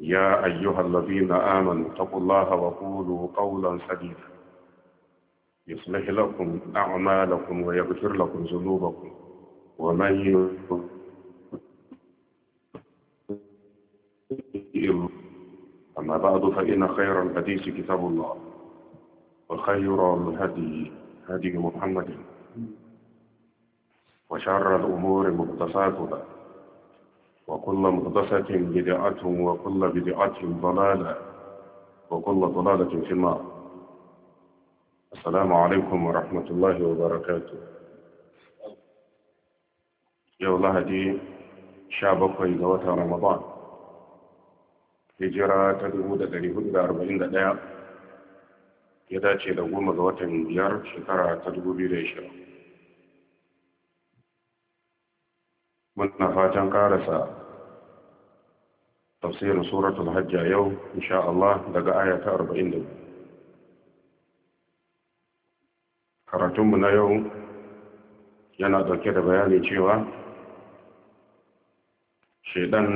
يا أيها الذين آمنوا اتقوا الله وقولوا قولا سديدا يصلح لكم أعمالكم ويغفر لكم ذنوبكم ومن يؤمن أما بعد فإن خير الحديث كتاب الله وخير الهدي هدي محمد وشر الأمور مقتصاتها وكل مقدسة بدعة وكل بدعة ضلالة وكل ضلالة في النار السلام عليكم ورحمة الله وبركاته يا الله شابك إذا رمضان hijira ta dubu da dari hudu da arba'in da ɗaya ya dace da goma ga watan biyar shekara ta dubu biyu da ishirin muna fatan karasa tafsirin suratul hajja yau insha Allah daga aya ta 42 karatunmu na yau yana dauke da bayani cewa shaidan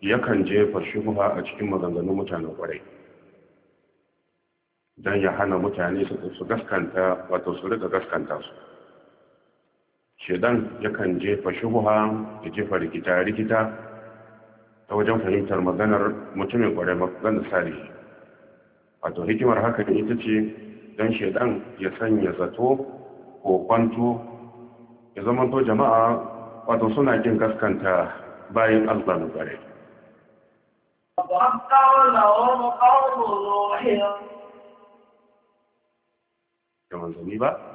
yakan jefa shubha a cikin maganganun mutanen kwarai don ya hana mutane su gaskanta wato su rika gaskanta su shedan yakan jefa shubuha ya jefa rikita rikita ta wajen fahimtar maganar mutumin kwarai maganar salihi wato hikimar haka ita ce don shedan ya sanya zato ko kwanto ya zamanto jama'a wato suna jin gaskanta bayan allah kwarai da manzanni ba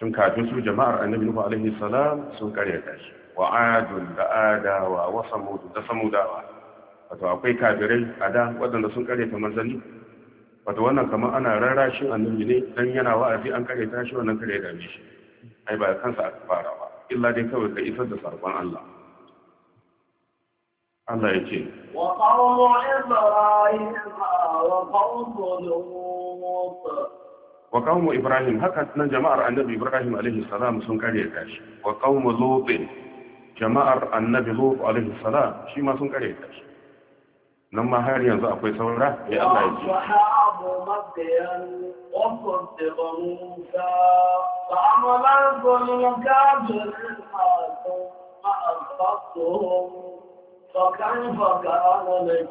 tun kafin su jama'ar annabi nufa alaihi salam sun ta shi wa adun da adawa wa samud da samudawa wato akwai kafirai a da waɗanda sun karyata manzali wato wannan kamar ana rarrashin annabi ne dan yana wa'azi an ta shi wannan kare da shi ai ba kansa aka fara ba illa dai kawai ka isar da sakon Allah Allah ya ce wa qawmu ibrahim wa qawmu lut wa qaumu ibrahim haka nan jama'ar annabi ibrahim alaihi salam sun kare ta shi wa qaumu lut jama'ar annabi lut alaihi shi ma sun kare ta nan ma har yanzu akwai saura ya eh, Allah ya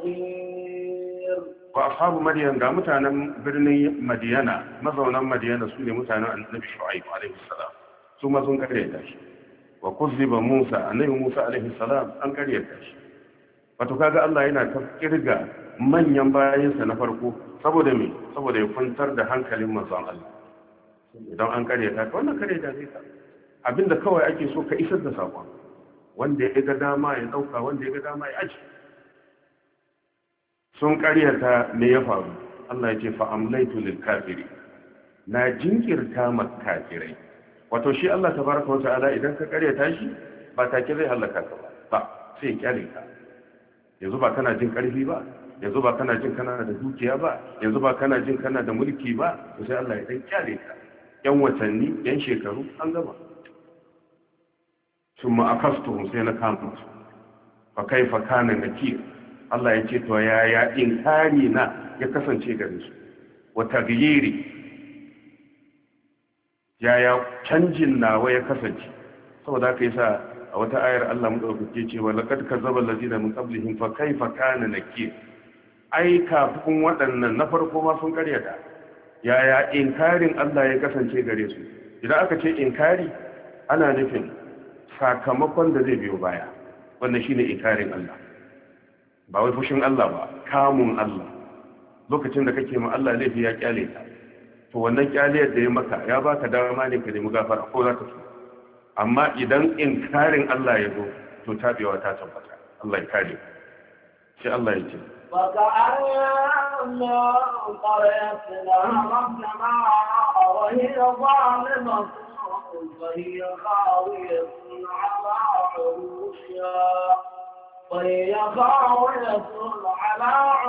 ce wa ashabu madiyan ga mutanen birnin madiyana mazaunan madiyana su ne mutanen annabi shu'aib alaihi salam su ma sun da shi wa kuzziba musa annabi musa alaihi salam an da shi wato kaga Allah yana ta kirga manyan bayansa na farko saboda me saboda ya kwantar da hankalin manzon Allah idan an kare ta wannan da zai ka abinda kawai ake so ka isar da sakon wanda ya ga dama ya dauka wanda ya ga dama ya aji sun karyata me ya faru Allah ya ce fa'amlaitu lil kafiri na jinkirta ma kafirai wato shi Allah tabaraka wa ta'ala idan ka karyata shi ba take zai halaka ka ba ba sai kyale ka yanzu ba kana jin karfi ba yanzu ba kana jin kana da dukiya ba yanzu ba kana jin kana da mulki ba sai Allah ya dan kyale ka yan watanni yan shekaru an gama ثم أخذتهم سينا fa فكيف kana nakiya Allah ya ce to ya inkari na ya kasance gare su wa ya yaya canjin nawa ya kasance saboda haka sa a wata ayar Allah mu dauke ce cewa laqad kazzaba allazina min qablihim fa kaifa kana nakir ai kafin waɗannan na farko ma sun karyata yaya inkarin Allah ya kasance gare su idan aka ce inkari ana nufin sakamakon da zai biyo baya wannan shine inkarin Allah ba wai fushin Allah ba kamun Allah lokacin da kake ma Allah laifi ya kyale ka to wannan kyaliyar da ya maka ya baka dama ne ka nemi gafara ko za ka so amma idan inkarin Allah ya zo to tabewa ta tabbata Allah ya kare sai Allah ya ce فكأن فهي خاوية على عروشها وهي خاوية على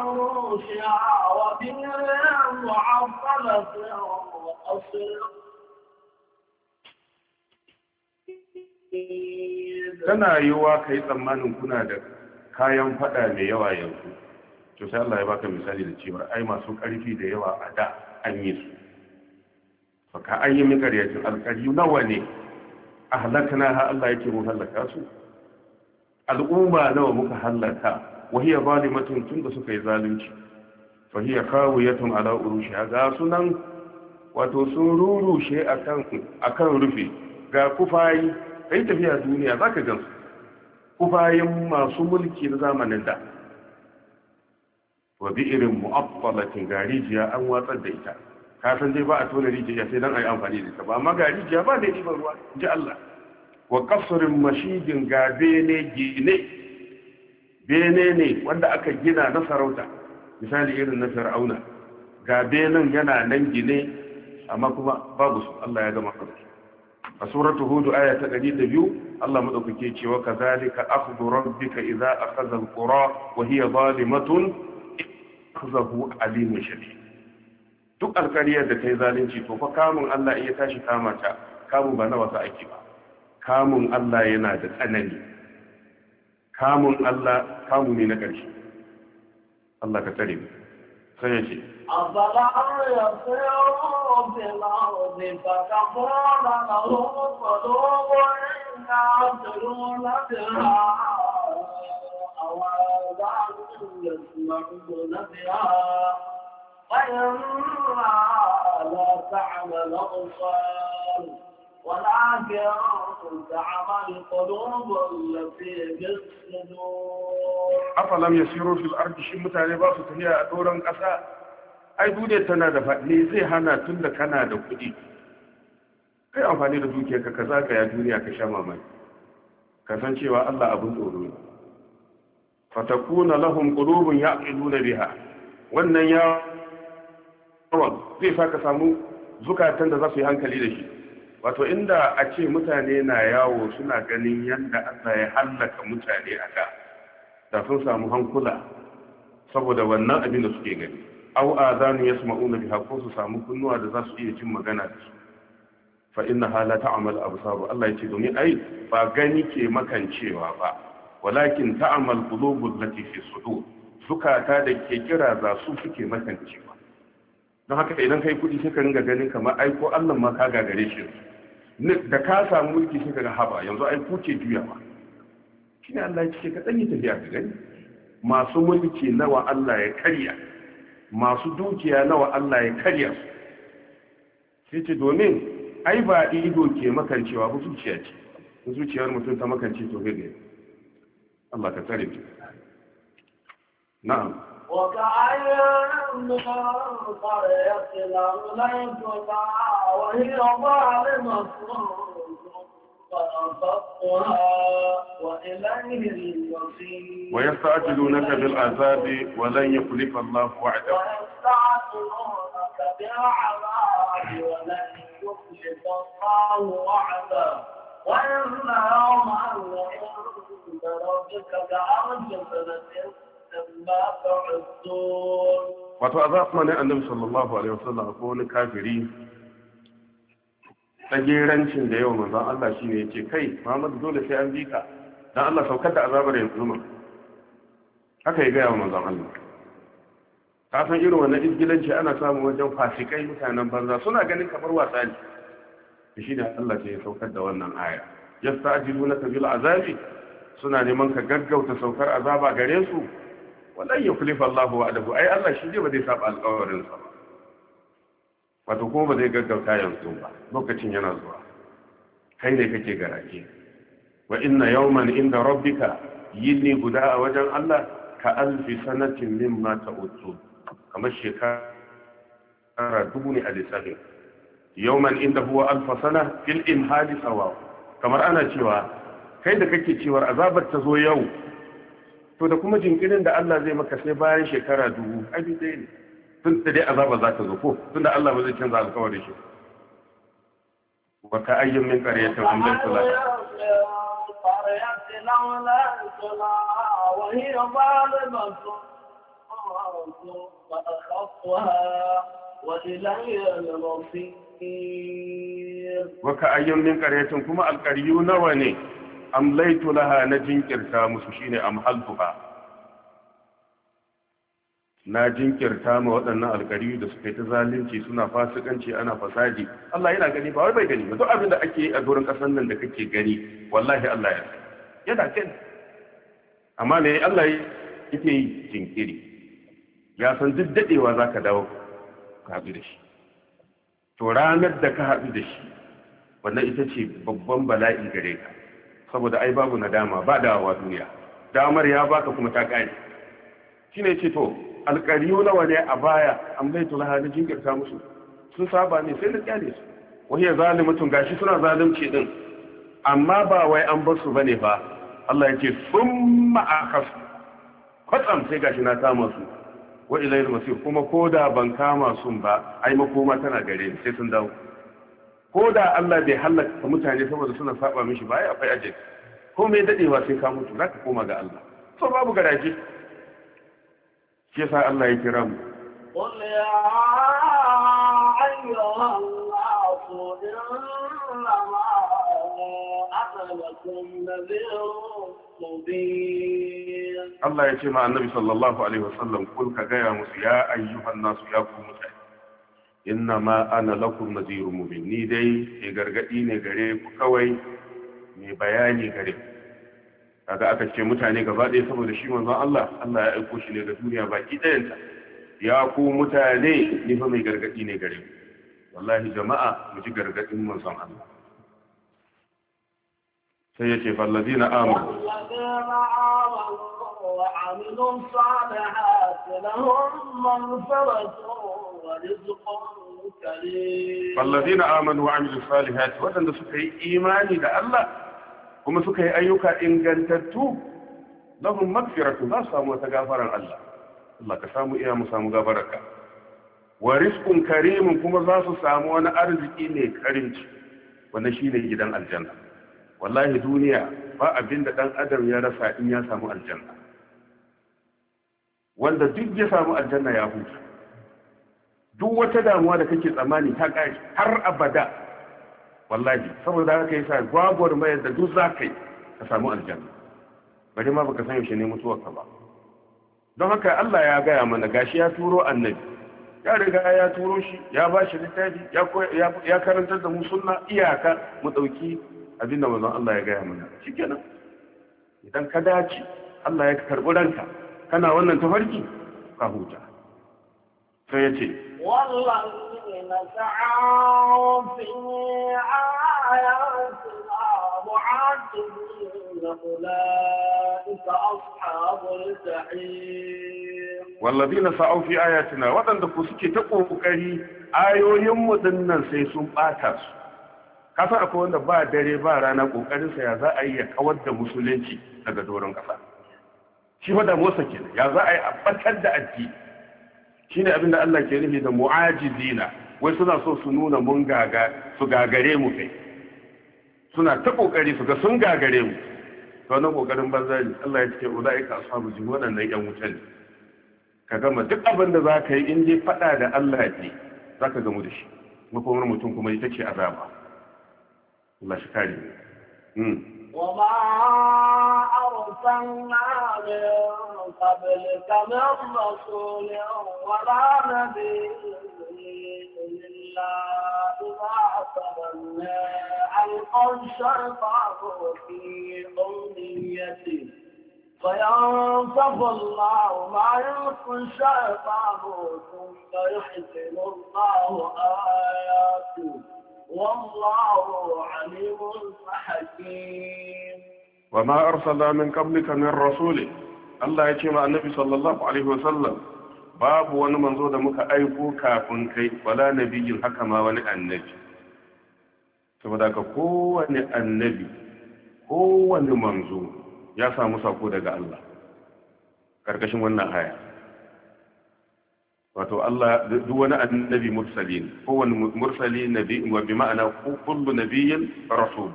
tana yiwuwa ka yi tsammanin kuna da kayan fada mai yawa yanzu to sai Allah ya baka misali da cewa ai masu ƙarfi da yawa a da an yi su baka an yi yakin alƙari nawa ne a halakana ha Allah yake mu halaka su al'umma nawa muka hallaka wahiya zalimatun tun da suka yi zalunci fahiya kawiyatun ala a ga sunan wato sun rurushe akan akan rufe ga kufayi kai tafiya duniya zaka gansu kufayin masu mulki na zamanin da wa irin mu'affalatin garijiya an watsar da ita ka san dai ba a tona rijiya sai a yi amfani da ita ba amma garijiya ba da ɗiban ruwa ji Allah wa kasurin mashigin ga bene gine bene ne wanda aka gina na sarauta misali irin na fir'auna ga benen yana nan gine amma kuma babu su Allah ya gama kansu a suratu hudu aya ta 102 Allah madaukake cewa kazalika akhdhu rabbika idha akhadha alqura wa hiya zalimatun akhzahu alimun shadid duk alkariyar da ta yi zalunci to fa kamun Allah iya tashi kama ta kamun ba na wasa ake ba kamun Allah yana da tsanani kamun Allah kamu ne na ƙarshe Allah ka tare mu sai ya ce أفلا يسيروا في الأرض فتكون لهم قلوب يعقلون بها أو آذان يسمعون بها فإما لا تعمل أبصار Afalam ya siro fil mutane ba su tafiya a doron ƙasa, ai duniya tana da faɗi zai hana tun da kana da kuɗi. Kai amfani da dukiyarka ka zagaya duniya ka sha mamaye, ka san cewa Allah abin tsoro ne. na lahun ƙudurin ya nuna biya. wannan ya zai sa ka samu zukatan da za su yi hankali da shi. wato inda a ce mutane na yawo suna ganin yadda Allah ya hallaka mutane a da da sun samu hankula saboda wannan abin da suke gani au su ma'una bi ko su samu kunnuwa da za su iya cin magana da su fa inna hala abu sabu Allah ya ce domin ai ba gani ke makancewa ba walakin ta'amal qulubul lati fi sudur zukata da ke kira za su suke makancewa don haka idan kai kudi kika ringa ganin kamar ai ko Allah ma ka gagare shi da ka samu mulki sai ga haba yanzu ai kuke juya ba. shine Allah yake ce ka danyi yi tafiya ka gani masu mulki nawa Allah ya karya masu dukiya nawa Allah ya karya sai ce domin ai ba ido ke makancewa ba zuciya ce zuciyar mutum ta makance to gaje Allah ka tsare ki na'am وكأين من قرية وهي ظالمة ويستعجلونك بالعذاب ولن يخلف الله وعده ويستعجلونك بالعذاب ولن يخلف الله وعده وإن يوما عند ربك كأرجل سنة wato a ne annabi sallallahu alaihi wasallam ko wani kafiri tsagerancin da yawa manzan Allah shi ne ce kai Muhammadu, dole sai an bika Don Allah saukar da azabar yanzu ma haka ya gaya wa manzan Allah ka san irin wannan izgilanci ana samu wajen fasikai mutanen banza suna ganin kamar wasa ne shi ne Allah sai ya saukar da wannan aya na kabila azabi suna neman ka gaggauta saukar azaba gare su Wannan ya wallahi yukhlifa Allahu wa'adahu ai Allah shi ne ba zai saba alƙawarin sa ba wato ko ba zai gaggauta yanzu ba lokacin yana zuwa kai ne kake garaje wa inna yawman inda rabbika yini guda a wajen Allah ka alfi sanatin min mimma ta'uddu kamar shekara dubu ne a lissafin yawman inda huwa alfa sana fil imhali sawa kamar ana cewa kai da kake cewa azabar ta zo yau to da kuma jinkirin da Allah zai maka sai bayan shekara dubu abi dai ne tun da dai azaba za ta zo ko tun da Allah ba zai canza alƙawarin shi wa ka ayyin min qaryatin amlan kula وهي ظالمة wa ka ayyun min qaryatin kuma كما nawa ne amlaitu laha na jinkirta musu shine amhaltuha na jinkirta ma waɗannan alkari da suka yi ta zalunci suna fasikanci ana fasadi Allah yana gani ba wai bai gani ba duk abin da ake a doron ƙasar nan da kake gani wallahi Allah ya yana kan amma me Allah yake yi jinkiri ya san duk dadewa zaka dawo ka haɗu da shi to ranar da ka haɗu da shi wannan ita ce babban bala'i gare ka saboda ai babu nadama ba wa duniya damar ya baka kuma ta kare shine ce to nawa ne a baya bai laha na jingirta musu sun saba ne sai na kyale su wahiyar zalimatun gashi suna zalunci din amma ba wai an bar su ne ba Allah ya ce sun ma'akas kwatsam sai gashi na kama su wa ilayil masir kuma ko da ban kama sun ba ai makoma tana gare sai sun dawo ko da Allah bai halaka mutane saboda suna saba mishi baya akwai ajali ko mai dadewa sai ka mutu ka koma ga Allah so babu garaje shi yasa Allah ya kira mu قل يا أيها الناس إنما أسألكم نذير مبين الله يتيم النبي صلى الله عليه وسلم قل كجايا يا أيها الناس يا قوم inna ma ana lakum nazirun mubin ni dai ke gargadi ne gare ku kawai mai bayani gare kaga aka ce mutane gaba ɗaya saboda shi manzo Allah Allah ya aiko shi ne ga duniya baki ɗayanta ya ku mutane ni fa mai gargadi ne gare ku wallahi jama'a mu ji gargadin manzo Allah sai ya ce fallazina amanu وعملوا Amadu والذين آمنوا وعملوا waɗanda suka yi imani da Allah, kuma suka yi ayyuka ingantattu lahum magfiratu za su samu wata gafaran Allah Allah ka samu iya mu samu gafararka wa rizqun karimun kuma za su samu wani arziki ne karimci wannan shine gidan aljanna wallahi duniya ba abinda da dan adam ya rasa in ya samu aljanna wanda duk ya samu aljanna ya huta duk wata damuwa da kake tsammani ta ƙashi har abada wallahi saboda haka yasa gwagwar mayar da duk za ka yi ka samu aljanna bari ma baka san yaushe ne mutuwar ka ba don haka Allah ya gaya mana gashi ya turo annabi ya riga ya turo shi ya ba shi littafi ya karantar da mu sunna iyaka mu ɗauki abin da manzon Allah ya gaya mana shikenan idan ka dace Allah ya karbi ranka kana wannan tafarki ka huta sai ya ce والذين سعوا في آياتنا معاجزين أولئك أصحاب الجحيم والذين سعوا في آياتنا وطن دفوسك تقوى كري آيوين مدنن akwai wanda ba dare ba rana ƙoƙarinsa ya za a yi ya kawar da musulunci daga doron ƙasa. shi fa da motsa kenan ya za a yi a da addini shine abin da Allah ke nufi da mu'ajizina wai suna so su nuna mun gaga su gagare mu kai suna ta kokari su ga sun gagare mu to wannan kokarin banza ne Allah ya ce ulaika ashabu jin wannan yan wutan ne ka gama duk abin da zaka yi in dai fada da Allah ne zaka gamu da shi makomar mutum kuma ita ce azaba Allah shi kare mu hmm. وما أرسلنا من قبلك من رسول ولا نبي إلا إذا تمنى ألقى الشيطان في أمنيته فينصف الله ما يلقي الشيطان ثم يحسن الله آياته والله عليم حكيم وما أرسل من قبلك من رسول الله يكيم النبي صلى الله عليه وسلم باب wani manzo da muka aiko kafin kai wala nabiyin haka ma wani annabi saboda ka kowane annabi kowane manzo ya samu sako daga Allah karkashin wannan haya wato Allah duk wani annabi mursali kowane mursali nabi wa bi ma'ana kullu nabiyyin rasul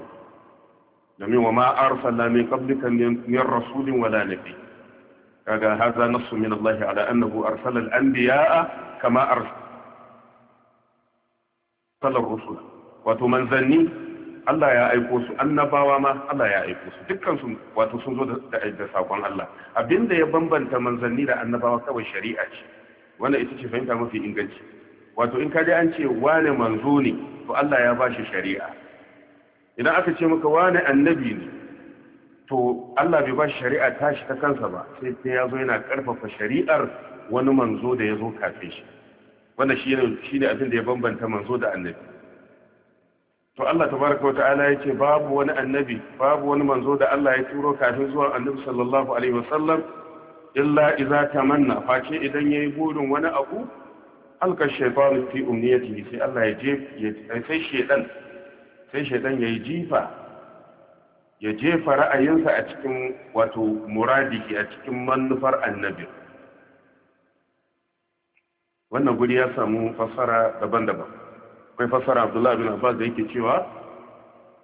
domin wa ma arsalna min qablika min rasulin wala nabi kaga hadha nassu min Allah ala annahu arsala al-anbiya'a kama arsala rusul wato manzanni Allah ya aiko su annabawa ma Allah ya aiko su dukkan su wato sun zo da da sakon Allah abinda ya bambanta manzanni da annabawa kawai shari'a ce wannan ita ce fahimta mafi inganci wato in ka dai an ce wane manzo ne to Allah ya bashi shari'a idan aka ce maka wane annabi ne to Allah bai bashi shari'a tashi ta kansa ba sai sai ya zo yana karfafa shari'ar wani manzo da ya zo kafin shi wannan shi ne abin da ya bambanta manzo da annabi to Allah tabaraka wa ta'ala ya ce babu wani annabi babu wani manzo da Allah ya turo kafin zuwa annabi sallallahu alaihi wasallam illa iza tamanna face idan yayi burin wani abu alka shaytanu fi umniyatihi sai Allah ya je sai shaytan sai shaytan yayi jifa ya jefa ra'ayinsa a cikin wato muradihi a cikin manufar annabi wannan guri ya samu fassara daban-daban akwai fassara Abdullah bin Abbas da yake cewa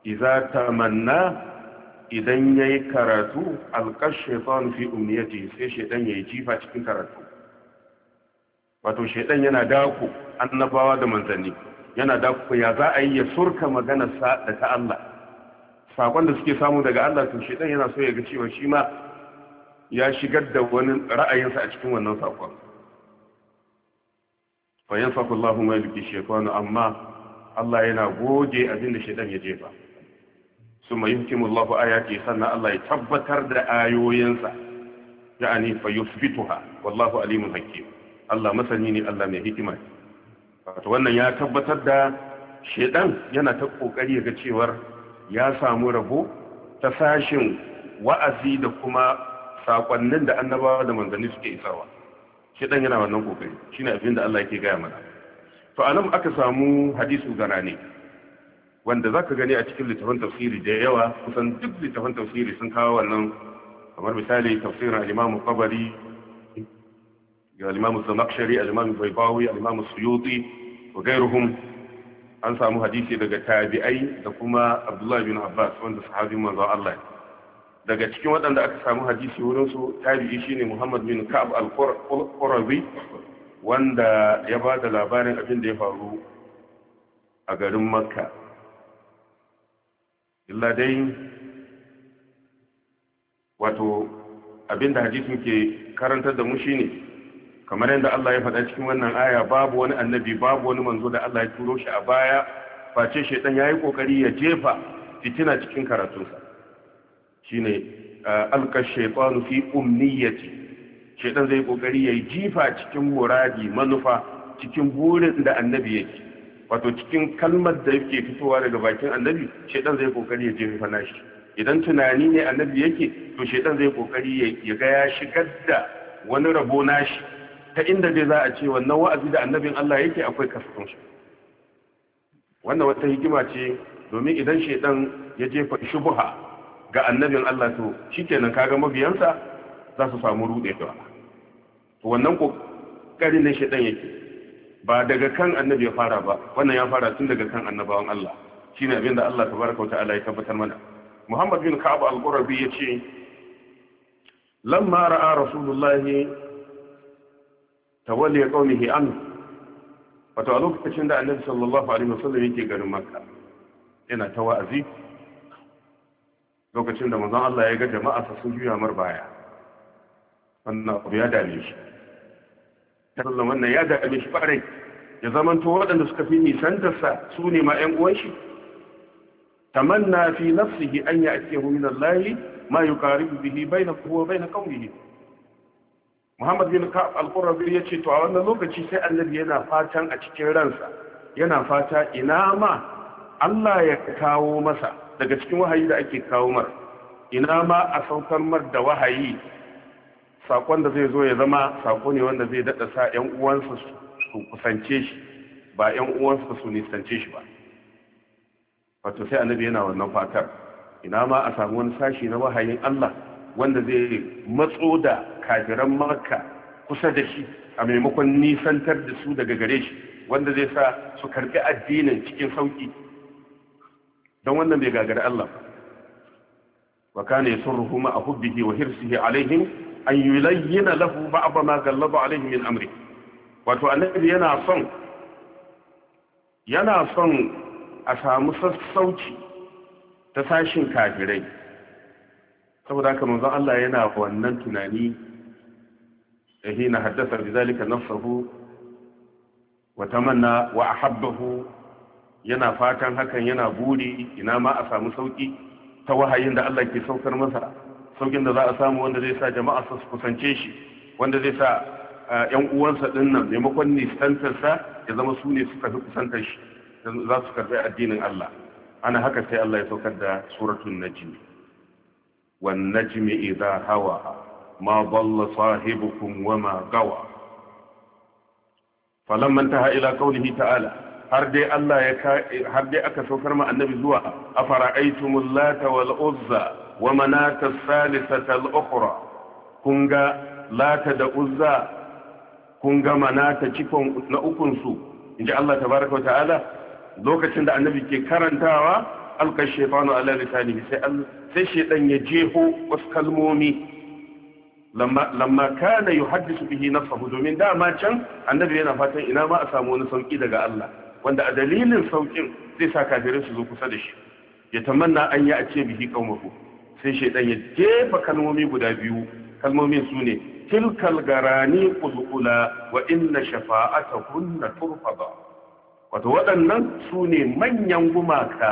iza tamanna idan ya yi karatu alƙar fi umniyati sai shaitan ya yi jifa cikin karatu wato shaitan yana daku annabawa da manzanni yana daku ya za a yi ya surka magana sa da ta Allah sakon da suke samu daga Allah to shaitan yana so ya ga cewa shi ma ya shigar da wani ra'ayinsa a cikin wannan sakon fa yansaku Allahu ma yulqi shaytanu amma Allah yana goge abin da ya jefa su mai yukimu Allah ayati sannan Allah ya tabbatar da ayoyinsa ya'ani fa yusbituha wallahu alimun hakim Allah masani ne Allah mai hikima ne wato wannan ya tabbatar da shedan yana ta kokari ga cewar ya samu rabo ta sashin wa'azi da kuma saƙonnin da annabawa da manzanni suke isarwa shedan yana wannan kokari shine abin da Allah yake gaya mana to anan aka samu hadisu ne wanda zaka gani a cikin littafin tafsiri da yawa kusan duk littafin tafsiri sun kawo wannan kamar misali tafsirin al-Imam Tabari al-Imam Zamakhshari al-Imam Baybawi al-Imam Suyuti wa an samu hadisi daga tabi'ai da kuma Abdullah bin Abbas wanda sahabin manzo Allah daga cikin waɗanda aka samu hadisi wurin su tabi'i shine Muhammad bin Ka'ab al-Qurazi wanda ya ba da labarin abin da ya faru a garin Makka illa dai wato abinda hadisin ke karantar da mu shine kamar yadda Allah ya faɗa cikin wannan aya babu wani annabi babu wani manzo da Allah ya turo shi a baya face shedan yayi kokari ya jefa fitina cikin karatunsa shine alka shaytanu fi umniyati shedan zai kokari yayi jifa cikin muradi manufa cikin burin da annabi yake wato cikin kalmar da yake fitowa daga bakin annabi shedan zai kokari ya jefa nashi idan tunani ne annabi yake to shedan zai kokari ya ga ya shigar da wani rabo nashi ta inda dai za a ce wannan wa'azi da annabin Allah yake akwai kasafin shi wannan wata hikima ce domin idan shedan ya jefa shubha ga annabin Allah to shikenan kaga mabiyansa za su samu rudewa to wannan kokarin ne shedan yake ba daga kan annabi ya fara ba wannan ya fara tun daga kan annabawan Allah shine abinda Allah tabaraka wa ta'ala ya tabbatar mana Muhammad bin Ka'ab al-Qurabi ce lamma ra'a rasulullahi tawalli qaumihi an wato a lokacin da annabi sallallahu alaihi wasallam yake garin Makka yana ta wa'azi lokacin da manzon Allah ya ga jama'a sa sun juya mar baya wannan abu ya dame shi sallan wannan ya da shi ƙwarai ya zamanto waɗanda suka fi nisantarsa su ne ma ‘yan uwanshi tamanna fi nafsihi an ya ake min Allahi ma yuqaribu bihi bainahu wa bain qawmihi Muhammad bin Ka'ab al ya ce, to a wannan lokaci sai Annabi yana fatan a cikin ransa yana fata ina ma Allah ya kawo masa daga cikin wahayi da ake kawo mar ina ma a saukar mar da wahayi sakon da zai zo ya zama sako ne wanda zai daɗa sa 'yan uwansa su kusance shi ba 'yan uwansa su nisance shi ba wato sai annabi yana wannan fatar ina ma a samu wani sashi na wahayin Allah wanda zai matso da kafiran makka kusa da shi a maimakon nisantar da su daga gare shi wanda zai sa su karbi addinin cikin sauki don wannan bai gagari Allah wa kana yasurruhu ma hubbihi wa hirsihi alaihim an yulayyina lahu ba'd ma gallaba alaihi min amri wato annabi yana son yana son a samu sassauci ta sashin kafirai saboda haka manzon Allah yana wannan tunani hina eh, haddasa zalika nafsuhu wa tamanna wa ahabbahu yana fatan hakan yana buri ina ma a samu sauki ta wahayin da Allah ke saukar masa saukin da za a samu wanda zai sa jama'a su kusance shi wanda zai sa yan eh, uwansa din nan maimakon nisantarsa ya zama su ne suka fi kusantar shi za su karbi addinin Allah ana haka sai Allah ya saukar da suratul najm wan najmi idha hawa ma dalla sahibukum wa ma gawa falamma intaha ila qawlihi ta'ala har dai Allah ya har dai aka saukar ma annabi zuwa afara'aytumul lata wal uzza wa manata salisata al'ukura kun ga lata da uzza kun ga manata cikon na ukunsu in ji Allah tabaraka ta'ala lokacin da annabi ke karantawa alkar shefanu ala lisanihi sai shedan ya jeho wasu kalmomi lamma kana yuhaddisu bihi nafsahu domin dama can annabi yana fatan ina ma a samu wani sauki daga Allah wanda a dalilin sauƙin zai sa kafirai su zo kusa da shi ya tamanna an yi a ce bihi qaumahu sai shaidan ya jefa kalmomi guda biyu kalmomin su ne tilkal garani qulqula wa inna kunna turfada wato waɗannan su ne manyan gumaka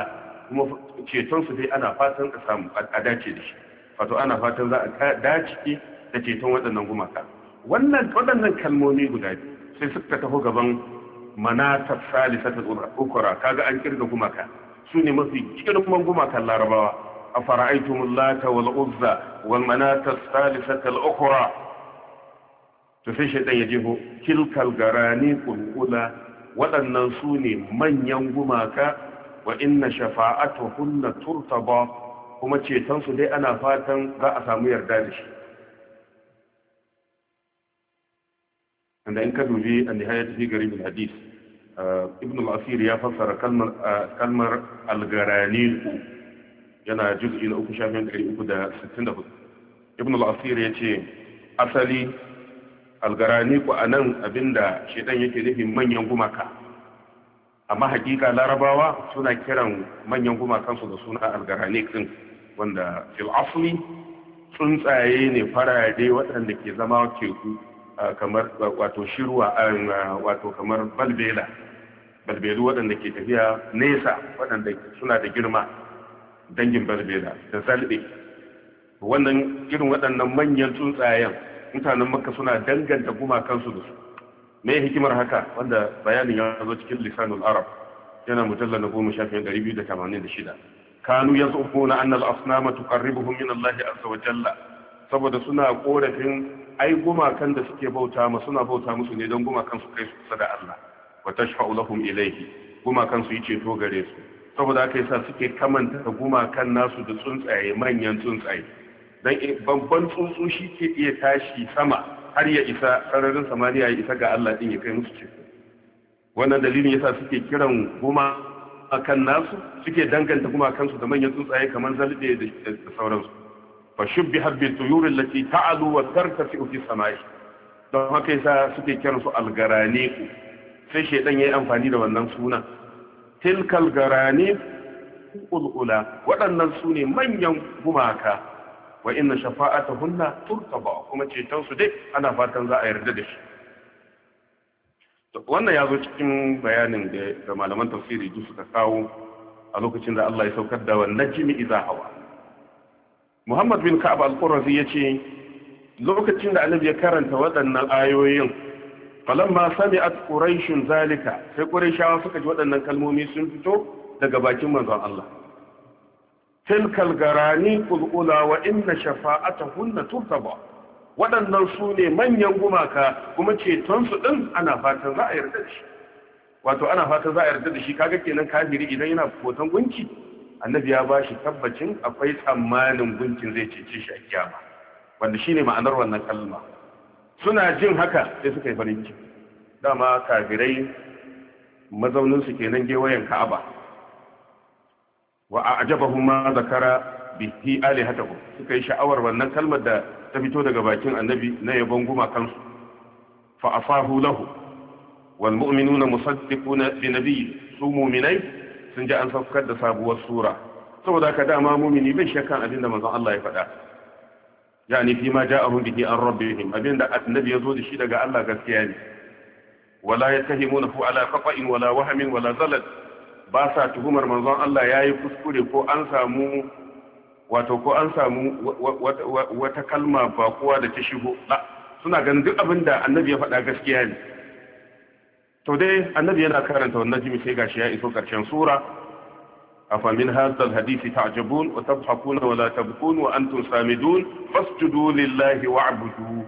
kuma ceton su dai ana fatan a samu a dace da shi wato ana fatan za a dace da ceton waɗannan gumaka wannan waɗannan kalmomi guda biyu sai suka taho gaban manatar salisata ukura kaga an kirga gumaka su ne mafi girman gumakan larabawa أفرأيتم اللات والعزة والمنات الثالثة الأخرى تفشي تيجيه تلك الغراني الأولى ولا ننسوني من ينغمك وإن شفاعتهن ترتبى وما تيتنسو دي أنا فاتن غا أسامو يردانش عند لي دولي النهاية في قريب الحديث آه، ابن الأثير يا كلمة كلمر آه، كلمة الغرانيل yana juz'i na uku shafin uku da da sittin hudu ibn al-asir ya ce asali algarani ku a nan abinda shaidan yake nufin manyan gumaka amma hakika larabawa suna kiran manyan gumakansu da suna algarani din wanda fil asli tsuntsaye ne farade waɗanda ke zama teku kamar wato shirwa wato kamar balbela balbelu waɗanda ke tafiya nesa waɗanda suna da girma dangin balbela da salbe wannan irin waɗannan manyan tsuntsayen mutanen makka suna danganta gumakansu da su mai hikimar haka wanda bayanin ya zo cikin lisanul arab yana mujallar na goma shafin ɗari biyu da tamanin da shida kanu ya zuɓo na annal asnama tuqarribuhum min allahi azza wa jalla saboda suna korafin ai gumakan da suke bauta ma suna bauta musu ne don gumakan su kai su kusa da allah wa tashfa'u lahum ilayhi gumakan su yi ceto gare su saboda aka yi sa suke kamanta gumakan nasu da tsuntsaye manyan tsuntsaye don eh, babban tsuntsu shi ke iya tashi sama har ya isa sararin samaniya ya isa ga Allah din ya kai musu ce wannan dalilin yasa suke kiran guma kan nasu suke danganta guma kansu da manyan tsuntsaye kamar zalbe da sauransu fa shubbi habbi tuyur allati ta'alu wa tartafi fi samai don haka yasa suke kiran su algarani sai shedan yayi amfani da wannan sunan tilkal garani ulula waɗannan su ne manyan gumaka wa inna shafa'ata hunna turtaba kuma ceton su dai ana fatan za a yarda da shi wannan ya zo cikin bayanin da malaman tafsiri duk suka kawo a lokacin da Allah ya saukar da wannan jimi iza hawa Muhammad bin Ka'ab al-Qurazi ce, lokacin da Annabi ya karanta waɗannan ayoyin falamma sami'at quraishun zalika sai quraishawa suka ji waɗannan kalmomi sun fito daga bakin manzon Allah tilkal garani qulqula wa inna shafa'atahunna turtaba waɗannan su ne manyan gumaka kuma ceton su din ana fatan za a yarda da shi wato ana fatan za a yarda da shi kaga kenan kafiri idan yana hoton gunki annabi ya ba shi tabbacin akwai tsammanin gunkin zai cece shi a kiyama wanda shine ma'anar wannan kalma suna jin haka sai suka yi farin ciki dama kafirai mazauninsu kenan gewayen ka'aba wa a'jabahum ma zakara bihi alihatahum suka yi sha'awar wannan kalmar da ta fito daga bakin annabi na yabon gumakansu fa afahu lahu wal mu'minuna musaddiquna bi nabiyyi su mu'minai sun ji an saukar da sabuwar sura saboda haka dama mu'mini bai shakkan abin da manzon Allah ya faɗa yani fi ma ja'ahum bihi an rabbihim abinda annabi yazo da shi daga Allah gaskiya ne wala yatahimuna fu ala qata'in wala wahmin wala zalal ba sa tuhumar manzon Allah yayi kuskure ko an samu wato ko an samu wata kalma ba kowa da ta shigo la suna ganin duk abinda annabi ya faɗa gaskiya ne to dai annabi yana karanta wannan jimi sai gashi ya iso karshen sura أفمن هذا الحديث تعجبون وتضحكون ولا تبكون وأنتم سامدون فاسجدوا لله واعبدوا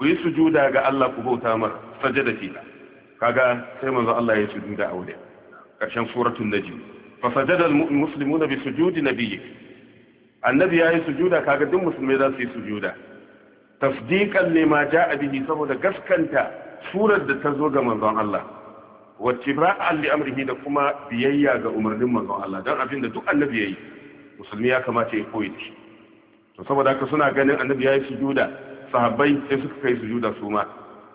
كي سجودا ga Allah ku bauta mar sajada kaga sai manzo Allah ya sujuda aure karshen suratul najm fa sajada almuslimuna bi sujudi nabiyyi annabi yayi sujuda kaga duk musulmai za su yi sujuda tasdiqan lima a bihi saboda gaskanta surar da ta zo ga manzon Allah Wacce wattiba'an alli amrihi da kuma biyayya ga umarnin manzon Allah dan abin da duk annabi yi? musulmi ya kamata ya koyi shi to saboda haka suna ganin annabi yayi sujuda sahabbai sai suka kai sujuda su ma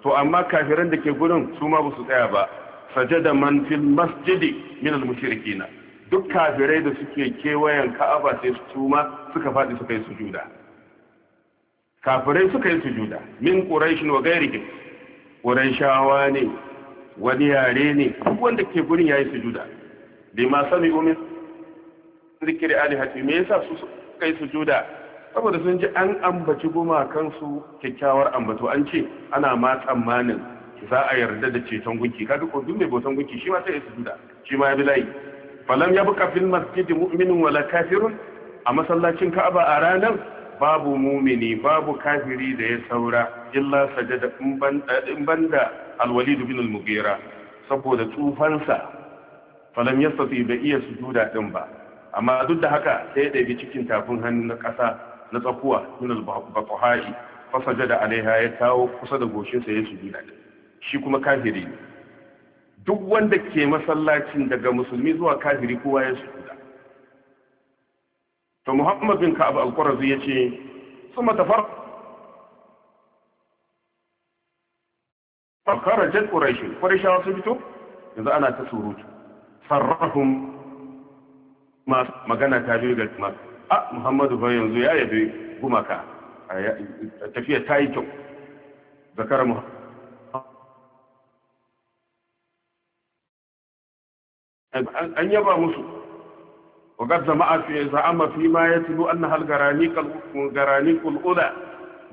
to amma kafiran da ke gurin su ma su tsaya ba sajada man fil masjidi min al mushrikina duk kafirai da suke kewayen Ka'aba sai su ma suka fadi suka yi sujuda kafirai suka yi sujuda min quraish wa ghairihi quraishawa ne wani yare ne duk wanda ke gurin yayi sujuda bi ma sami umin zikiri alihati me yasa su kai sujuda saboda sun ji an ambaci goma kansu kyakkyawar ambato an ce ana ma tsammanin za a yarda da ceton gunki kaga ko duk mai boton gunki shi ma sai ya sujuda shi ma ya bi layi falam yabqa fil masjid mu'minun wala kafirun a masallacin ka'aba a ranar babu mumini babu kafiri da ya saura illa sajada in banda alwalid bin al saboda tsufansa falam yastati da iya sujuda din ba amma duk da haka sai da bi cikin tafin hannun na ƙasa na tsakuwa min al fa sajada alaiha ya kawo kusa da goshin sa ya sujuda shi kuma kafiri duk wanda ke masallacin daga musulmi zuwa kafiri kowa ya to muhammad bin ka'ab al-qurazi yace summa tafar fakharajat quraish quraish sun fito yanzu ana ta surutu sarrahum ma magana ta biyu ga ma a muhammadu fa yanzu ya yabe gumaka tafiya ta yi kyau zakara muhammad an yaba musu وقد زعم في ma ya يتلو أنها الجرانيق الجرانيق الأولى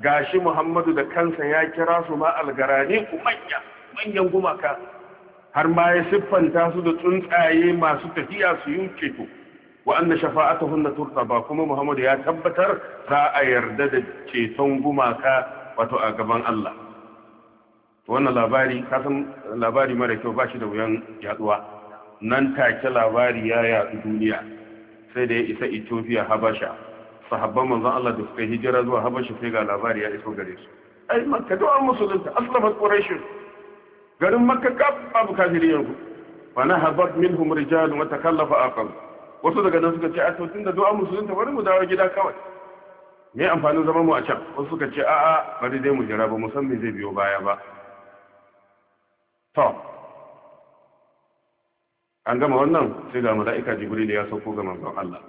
gashi Muhammadu da kansa ya kira su ma algarani ku manyan gumaka har ma ya siffanta su da tsuntsaye masu tafiya su yi ceto wa anna shafa'atuhun na turtaba kuma Muhammadu ya tabbatar za a yarda da ceton gumaka wato a gaban Allah wannan labari kasan labari mara kyau ba shi da wuyan yaduwa nan take labari ya yadu duniya sai da ya isa Ethiopia Habasha sahabban manzon Allah da suka hijira zuwa Habasha sai ga labari ya iso gare su ai makka da an musulunta aslama quraish garin makka kaf abu kafiri yanzu fa nahabat minhum rijal wa takallafa aqal wasu daga nan suka ce a to tunda do an musulunta bari mu dawo gida kawai me amfanin zaman mu a can wasu suka ce a'a bari dai mu jira ba mu san me zai biyo baya ba to an gama wannan sai ga mala'ika jibril ya sauko ga manzon Allah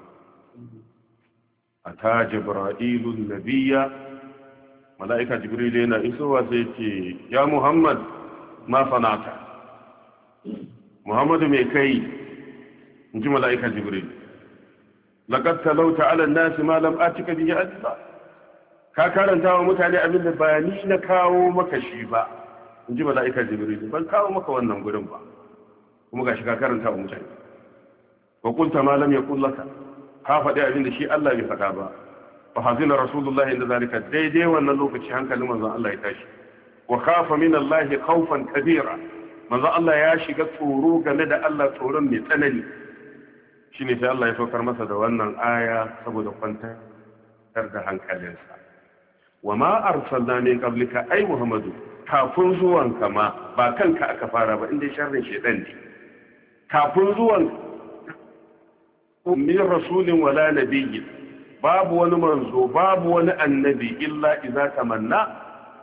ata jibra'ilun nabiyya mala'ika jibril yana isowa sai ce ya muhammad ma sanata muhammadu mai kai in ji mala'ika jibril laqad talauta 'ala nasi nas ma lam atika bihi azza ka karanta wa mutane abin da bayani na kawo maka shi ba in ji mala'ika jibril ban kawo maka wannan gurin ba kuma ga shiga karanta wa mutane wa kunta ma lam yakul laka ka faɗi abin da shi Allah bai faɗa ba fa hazina rasulullahi inda zalika daidai wannan lokaci hankalin manzon Allah ya tashi wa khafa min Allah khawfan kabira manzon Allah ya shiga tsoro game da Allah tsoron mai tsanani shine sai Allah ya saukar masa da wannan aya saboda kwantar da hankalinsa wa ma arsalna min qablika ay muhammadu kafin zuwanka ma ba kanka aka fara ba inda sharrin shedan ne kafin zuwan min rasulin wala nabiyyin babu wani manzo babu wani annabi illa idza tamanna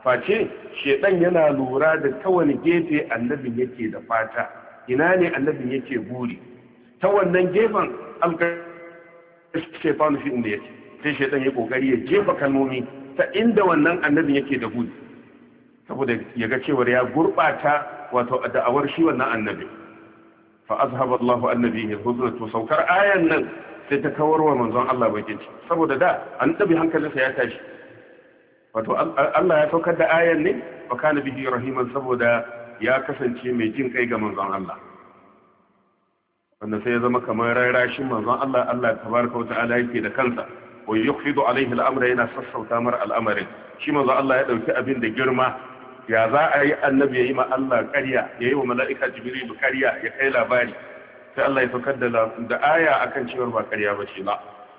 face shedan yana lura da ta wani gefe annabin yake da fata ina ne annabin yake buri ta wannan gefen alƙar shefanu shi inda yake sai shedan ya kokari ya jefa kalmomi ta inda wannan annabin yake da buri saboda ya ga cewar ya gurbata wato da'awar shi wannan annabin fa azhaba Allah ya al-huzn to saukar ayan nan sai ta kawar wa manzon Allah bakin ci saboda da an dabi hankalinsa ya tashi wato Allah ya saukar da ayan ne wa kana bihi rahima saboda ya kasance mai jin kai ga manzon Allah wanda sai ya zama kamar rarashin manzon Allah Allah tabaraka wata'ala yake da kansa wa yukhfidu alaihi al-amra yana sassauta mara al'amarin shi manzon Allah ya ɗauki abin da girma ya za a yi annabi ya yi ma Allah karya ya yi wa mala'ika jibrilu karya ya kai labari sai Allah ya saukar da aya akan cewar ba karya ba ce ba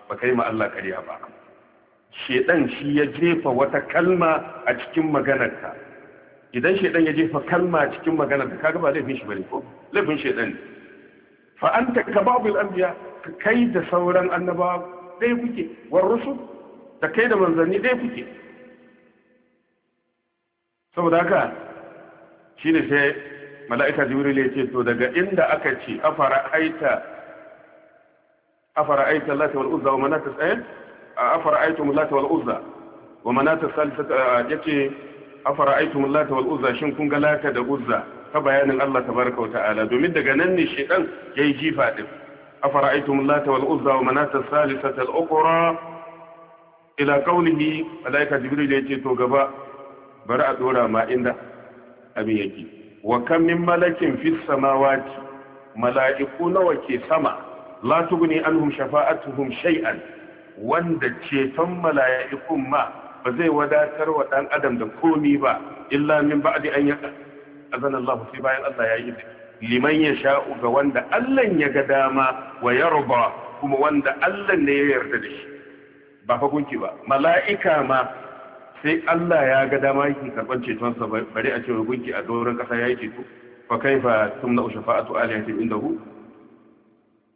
ba kai ma Allah karya ba shedan shi ya jefa wata kalma a cikin maganarka idan shedan ya jefa kalma a cikin maganarka kaga ba laifin shi bane ko laifin shedan ne fa an ta ka babu ka kai da sauran annabawa dai kuke war rusu? da kai da manzanni dai kuke saboda haka shine sai mala'ika jibril ya ce to daga inda aka ce afara aita afara aita lati wal uzza wa manata sa'id eh? afara aitum lati wal uzza wa manata ya ce afara aitum lati wal uzza shin kun ga lata da uzza ta bayanin Allah tabaraka wa ta'ala domin daga nan ne shedan yayi jifa din afara aitum lati wal uzza wa manata salisata ta ukhra ila qawlihi malaika jibril ya ce to gaba bari a dora ma inda abin yake wa kan min malakin fis samawati mala'iku nawa ke sama la tuguni anhum shafa'atuhum shay'an wanda ceton mala'ikun ma ba zai wadatar wa dan adam da komi ba illa min ba'di an yaka azana Allah sai bayan Allah ya yi liman yasha'u ga wanda Allah ya ga dama wa yarda kuma wanda Allah ne ya yarda da shi ba fa gunki ba mala'ika ma sai Allah ya ga dama yake karban ceton sa bari a cewa gunki a doron kasa ya yake to fa kaifa tumna shafa'atu alihatin indahu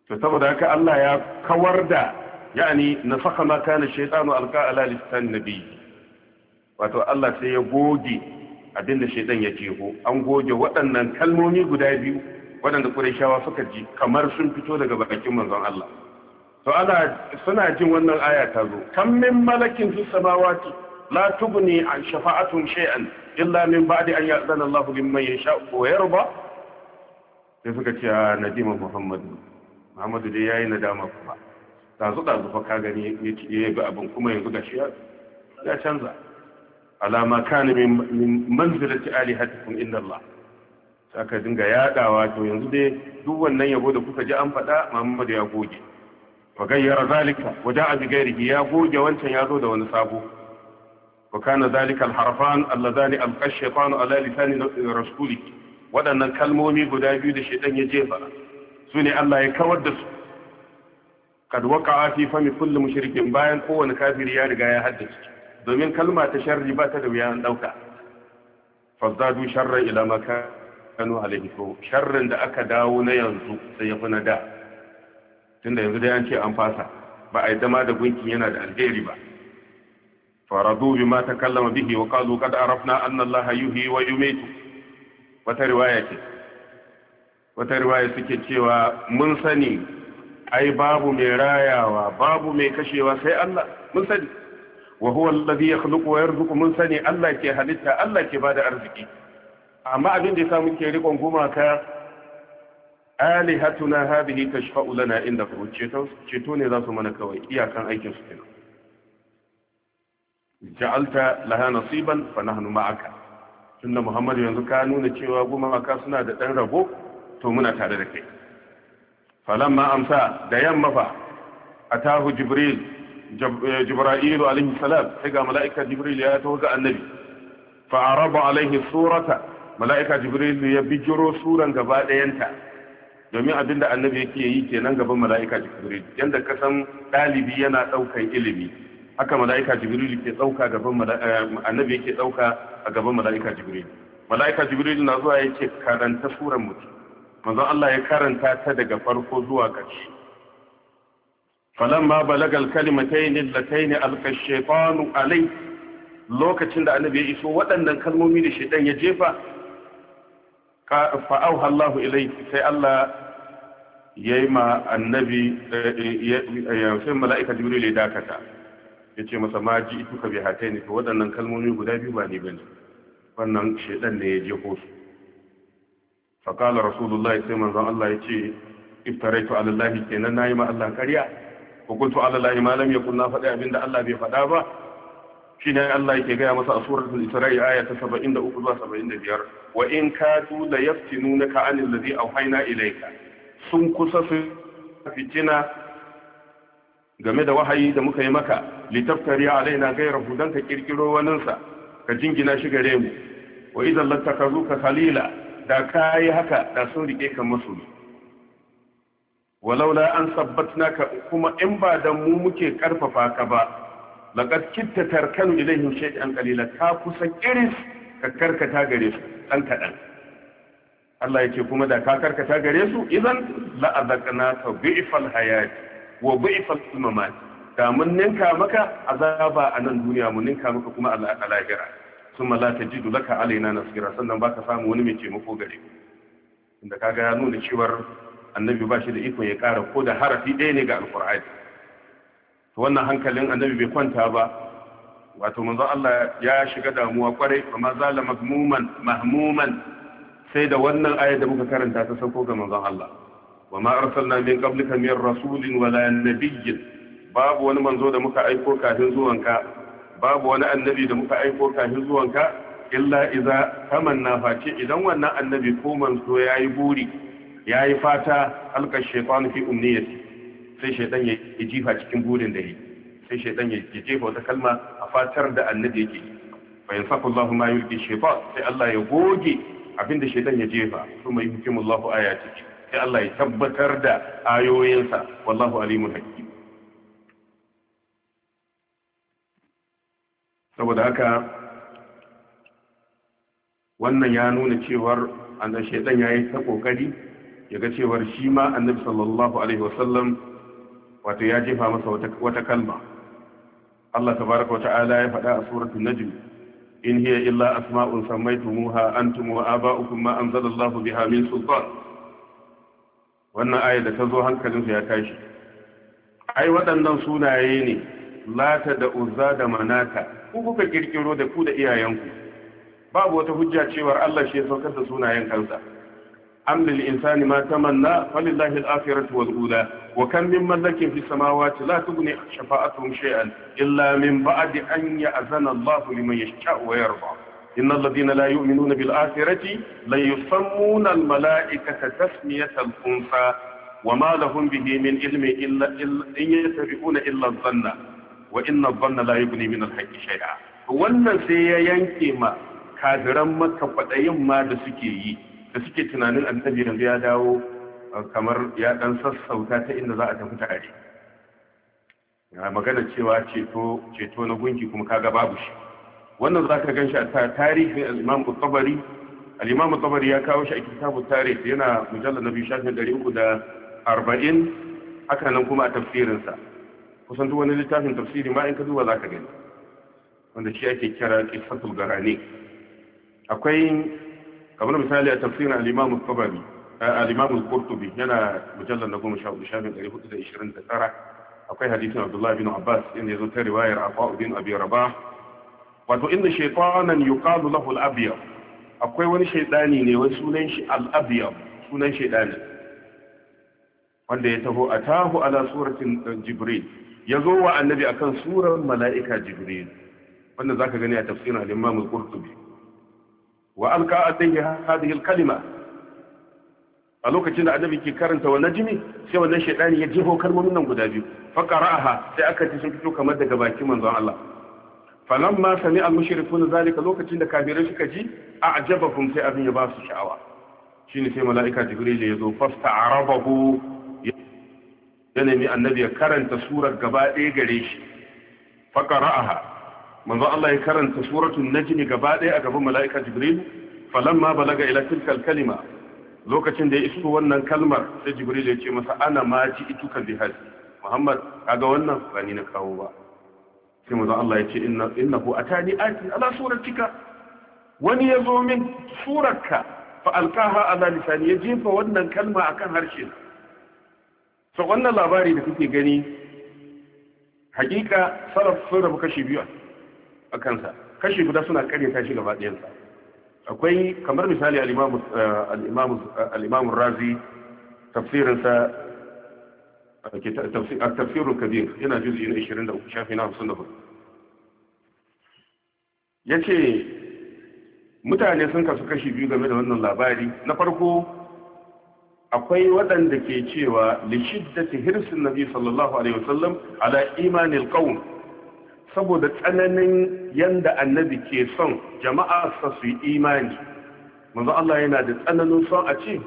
to saboda haka Allah ya kawar da yani saka ma kana shaytanu alqa ala lisan nabi wato Allah sai ya goge abinda shaytan ya ko an goge waɗannan kalmomi guda biyu waɗanda Qurayshawa suka ji kamar sun fito daga bakin manzon Allah to suna jin wannan aya ta zo Kan min malakin fis samawati la tubni an shafa'atun shay'an illa min ba'di an ya'zana Allah liman yasha wa yarda sai suka ce a ah, nadima muhammadu muhammadu dai yi nadama kuma dazu dazu fa ka gani ya yayi ga abin kuma yanzu gashi ya canza alama kana min manzilati alihatikum inda Allah aka dinga yadawa to yanzu dai duk wannan yabo da kuka ji an faɗa Muhammadu ya goge fa gayyara zalika waja abi gairihi ya goge wancan ya zo da wani sabo وكان ذلك الحرفان اللذان ألقى الشيطان على لسان رسوله waɗannan kalmomi guda biyu da shaidan ya jefa su ne Allah ya kawar da su kad waqa'a fi fami kulli bayan kowane kafiri ya riga ya haddace domin kalma ta sharri ba ta da wuyan dauka fazadu sharran ila ma kanu alaihi ko sharrin da aka dawo na yanzu sai ya fi na da tunda yanzu dai ce an fasa ba a yi zama da gunkin yana da alheri ba faradu bima takallama bihi wa qalu qad arafna anna Allah yuhyi wa yumiitu wata riwaya ce wata riwaya suke cewa mun sani ai babu mai rayawa babu mai kashewa sai Allah mun sani wa huwa alladhi yakhluqu wa yarzuqu mun sani Allah ke halitta Allah ke bada arziki amma abin da yasa muke rikon gumaka alihatuna hadhihi tashfa'u lana inda ceto ceto ne za su mana kawai iyakan aikin su kenan ja'alta laha nasiban fa nahnu ma'aka tunda Muhammad yanzu ka nuna cewa gumaka suna da dan rago to muna tare da kai falamma amsa da yamma fa atahu jibril eh, jibra'ilu alaihi salam sai ga mala'ika jibril ya taho ga annabi fa araba alaihi surata mala'ika jibril ya bijiro suran gaba dayanta domin abinda annabi yake yi kenan gaban mala'ika jibril yanda kasan dalibi yana daukan ilimi haka mala'ika jibril ke dauka gaban eh, annabi yake dauka a gaban mala'ika jibril mala'ika jibril na zuwa yake karanta surar mutum manzon Allah ya karanta ta daga farko zuwa ƙarshe falamma balagal kalimatayn allatayn alqa ash shaytan alai lokacin da annabi ya iso waɗannan kalmomi da shaytan ya jefa fa auha Allahu ilai sai Allah yayi ma annabi eh, sai mala'ika jibril ya dakata ya ce masa ma ji ituka bi hatai ne to waɗannan kalmomi guda biyu ba ni ba ne wannan shaidan ne ya jefo su faƙala rasulullahi sai manzon Allah ya ce iftaraitu alallahi kenan nayi ma Allah ƙarya ko kuntu alallahi ma lam yakun na faɗi abinda Allah bai faɗa ba shine Allah yake gaya masa a suratul isra'i aya ta 73 zuwa 75 wa in kadu la yaftinunaka anil ladhi awhayna ilayka sun kusa su fitina game da wahayi da muka yi maka litaftari alaina gairahu dan ka kirkiro waninsa ka jingina shi gare mu wa idan lattakazuka khalila da yi haka da sun rike ka masoyi walaula an sabbatnaka kuma in ba da mu muke karfafa ka ba laqad kitta tarkanu ilaihim shay'an qalila ka kusa kiris ka karkata gare su dan kadan Allah yake kuma da ka karkata gare su idan la azaqnaka bi'fal hayati wa ba'ifal Da mun ninka maka azaba a nan duniya mu ninka maka kuma a lahira kuma la tajidu laka alaina nasira sannan baka samu wani mai taimako gare ku ka ga ya nuna cewar annabi ba shi da ikon ya kara ko da harafi ɗaya ne ga alkur'ani wannan hankalin annabi bai kwanta ba wato manzo Allah ya shiga damuwa kwarai kuma zala mazmuman mahmuman sai da wannan ayar da muka karanta ta sauko ga manzon Allah wa ma arsalna min qablika min rasulin wala nabiyyin babu wani manzo da muka aiko kafin zuwanka babu wani annabi da muka aiko kafin zuwanka illa kamannaface tamanna idan wannan annabi ko manzo yayi buri yayi fata halka shaytan fi umniyati sai shaytan ya jifa cikin burin da yake sai shaytan ya jefa wata kalma a fatar da annabi yake fa yansaku Allahu ma yulqi shaytan sai Allah ya goge abinda shaytan ya jefa kuma yuhkimu Allahu ayatihi sai Allah ya tabbatar da ayoyinsa wallahu alimun hakim saboda haka wannan ya nuna cewar annan shaidan ya yi ta kokari ya ga cewar shi ma annabi sallallahu alaihi wasallam wato ya jefa masa wata kalma Allah tabaraka wata'ala ya faɗa a suratul najm in hiya illa asma'un sammaytumuha antum wa aba'ukum ma anzalallahu biha min sultan wannan aya da ta zo hankalinsu ya tashi ai waɗannan sunaye ne lata da uzza da manata ku kuka kirkiro da ku da iyayenku babu wata hujja cewar Allah shi ya saukar da sunayen kansa amlil insani ma tamanna falillahi al-akhiratu wal ula wa kam min malakin fi samawati la tughni shafa'atuhum shay'an illa min ba'di an ya'zana Allah liman yasha'u wa yarda innal ladina la yu'minuna bil akhirati la yusammuna al mala'ikata tasmiyatal unsa wa ma lahum bihi min ilmi illa in yattabi'una illa dhanna wa inna dhanna la yughni min al haqqi shay'a wannan sai ya yanke ma kafiran makka kwadayin ma da suke yi da suke tunanin annabi yanzu ya dawo kamar ya dan sassauta ta inda za a tafi tare magana cewa ceto na gunki kuma kaga babu shi wannan za ka gan shi a tarihin al'imam tabari al'imam tabari ya kawo shi a kitabu tarihi yana mujallar na biyu shafin ɗari uku da arba'in haka nan kuma a tafsirinsa kusan duk wani littafin tafsiri ma in ka duba za ka gani wanda shi ake kira kisatul garani akwai kamar misali a tafsirin al'imam tabari eh, al'imam qurtubi yana mujallar na goma shafin ɗari hudu da ishirin da tara akwai hadisin abdullahi bin abbas inda ya zo ta riwayar abu bin abi rabah wato inda shaytanan yuqalu lahu al-abyad akwai wani shaydani ne wani sunan shi al-abyad sunan shaydani wanda ya taho atahu ala suratin uh, jibril yazo wa annabi akan surar mala'ika jibril wanda zaka gani a tafsirin al-imam al-qurtubi wa alqa alayhi hadhihi al-kalima a lokacin da annabi ke karanta wa najmi sai wannan shaydani ya jeho kalmomin nan guda biyu fa sai aka ji sun fito kamar daga bakin manzon Allah ma sami al na zalika lokacin da kabirai suka ji a'jabahum sai abin ya ba su sha'awa shine sai mala'ika jibril ya zo fasta'arabahu ya nemi annabi ya karanta surar gaba ɗaya gare shi faqara'aha manzo Allah ya karanta suratun na gaba ɗaya a gaban mala'ika jibril ma balaga ila tilkal kalima lokacin da ya iso wannan kalmar sai jibril ya ce masa ana ma ji ituka bihal muhammad kaga wannan ba ni na kawo ba sai manzon Allah ya ce innahu atani atin ala suratika wani ya zo min surarka fa alqaha ala lisani ya jefa wannan kalma akan harshe so wannan labari da kuke gani hakika salaf sun rabu kashi biyu a kansa kashi guda suna karyata shi gaba ɗayansa akwai kamar misali al-imamu al al razi tafsirinsa a tafsirul kabir yana juzi na 23 shafi na 54 ya ce mutane sun kasu kashi biyu game da wannan labari na farko akwai waɗanda ke cewa lishiddati hirsin nabi sallallahu alaihi wasallam ala imanil qawm saboda tsananin yanda annabi ke son jama'a su yi imani manzo Allah yana da tsananin son a ce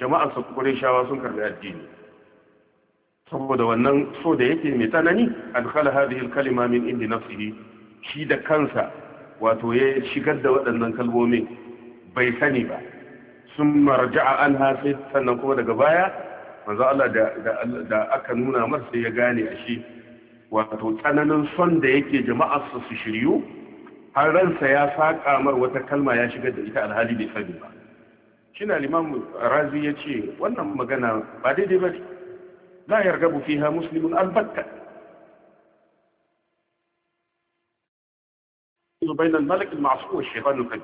jama'a su kure shawa sun karbi addini saboda wannan so da yake mai tsanani adkhala hadhihi al-kalima min indi nafsihi shi da kansa wato ya shigar da waɗannan kalmomin bai sani ba sun marja'a an hafi sannan kuma daga baya manzo Allah da aka nuna mar sai ya gane a shi wato tsananin son da yake jama'ar su shiryu har ransa ya saƙa mar wata kalma ya shigar da ita alhali bai sani ba shine al-imam razi ce wannan magana ba daidai ba ne لا يرغب فيها مسلم البتة بين الملك المعصوم والشيطان الكذب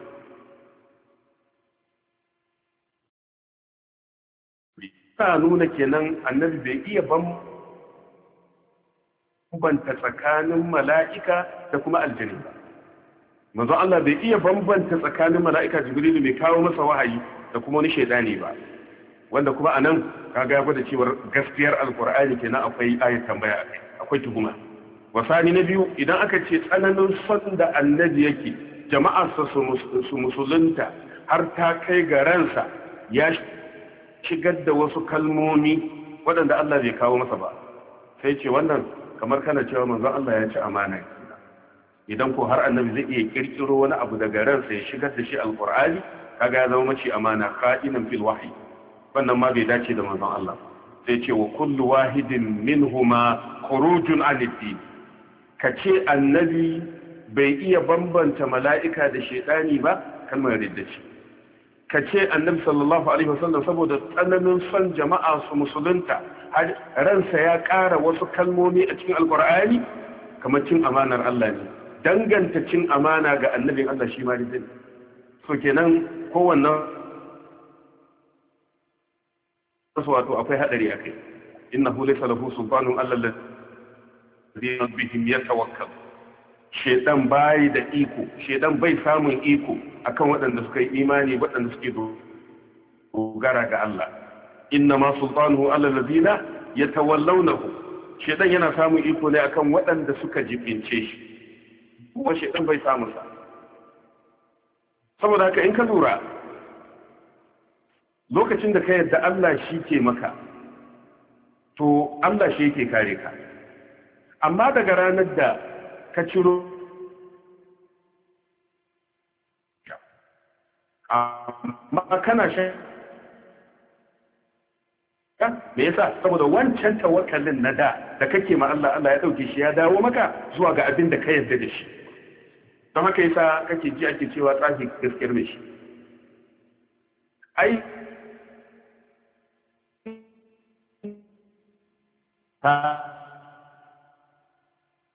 قانون كنان النبي بيجي بام بان تسكان الملائكة تكما الجنة نظر الله بيجي بام بان تسكان الملائكة جبريل ميكاو مسوا هاي تكما نشيطاني بام wanda kuma a nan kaga ya gwada cewar gaskiyar alkur'ani kenan akwai ayat tambaya akwai tuhuma wasani na biyu idan aka ce tsananin son da annabi yake jama'arsa su musulunta har ta kai ga ransa ya shigar da wasu kalmomi waɗanda Allah bai kawo masa ba sai ce wannan kamar kana cewa manzon Allah ya ci amana idan ko har annabi zai iya kirkiro wani abu daga ransa ya shigar da shi alkur'ani kaga ya zama mace amana ka'inan fil wahyi wannan ma bai dace da manzon Allah sai ce wa kullu wahidin minhuma khurujun aliddi ka ce annabi bai iya bambanta mala'ika da shaidani ba kalmar riddaci ka ce annabi sallallahu alaihi wasallam saboda tsananin son jama'a su musulunta har ransa ya kara wasu kalmomi a cikin alqur'ani kamar cin amanar Allah ne danganta cin amana ga annabin Allah shi ma ne. so kenan kowannan su wato akwai hadari akai innahu laysa lahu subhanun allal ladhi bihim yatawakkal shedan bai da iko shedan bai samun iko akan waɗanda suka yi imani waɗanda suke dogara ga Allah inna ma sultanuhu allal ladina yatawallawnahu shedan yana samun iko ne akan waɗanda suka jibince shi kuma shedan bai samu sa saboda haka in ka lura lokacin da ka yadda Allah shi ke maka to Allah shi yake kare ka amma daga ranar da ka ciro amma kana shan me yasa saboda wancan tawakkalin na da da kake ma Allah Allah ya dauke shi ya dawo maka zuwa ga abin da ka yarda da shi don haka yasa kake ji ake cewa tsafi gaskiyar mai shi ai ta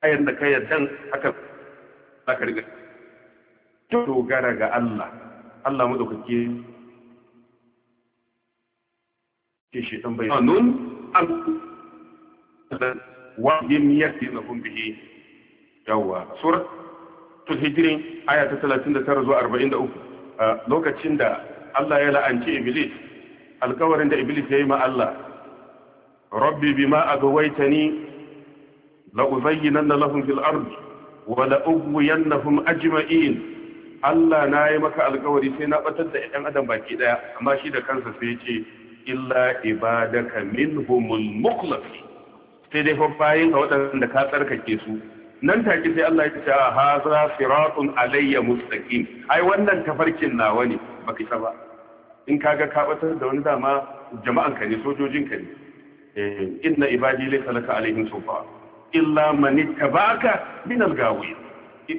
ayan da ka yardan haka za ka riga dogara ga Allah Allah mu madaukake ke shaitan bai nun wa bim yakinahum bihi yawa suratul hijrin aya ta 39 zuwa 43 lokacin da Allah ya la'anci iblis alkawarin da iblis ya yi ma Allah rabbi bima agawaitani la uzayyinanna lahum fil ardi wa la ughwiyannahum ajma'in Allah na yi maka alkawari sai na batar da 'yan adam baki ɗaya, amma shi da kansa sai ya ce illa ibadaka minhumul mukhlasin sai dai fa bayin ga waɗanda ka tsarkake su nan take sai Allah ya ce ah, haza siratun alayya mustaqim ai wannan tafarkin nawa ne baka isa ba in kaga ka batar da wani dama jama'an ka ne sojojin ka ne Eh, inna ibadi laysa laka alaihim sulfa illa man ittaba'aka min al-gawin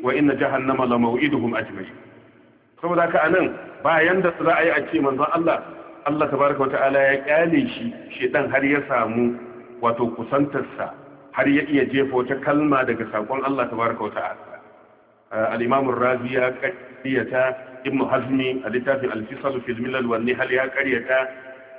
wa inna jahannama la maw'iduhum ajma'in saboda haka anan bayan da za a yi a ce manzon Allah Allah tabaraka ta'ala ya kyale shi shedan har ya samu wato kusantarsa har ya iya jefa wata kalma daga sakon Allah tabaraka wata'ala ah, al-imam ar-razi ya kaddiyata ibn hazmi a littafin al-fisal fil milal wan nihal ya karyata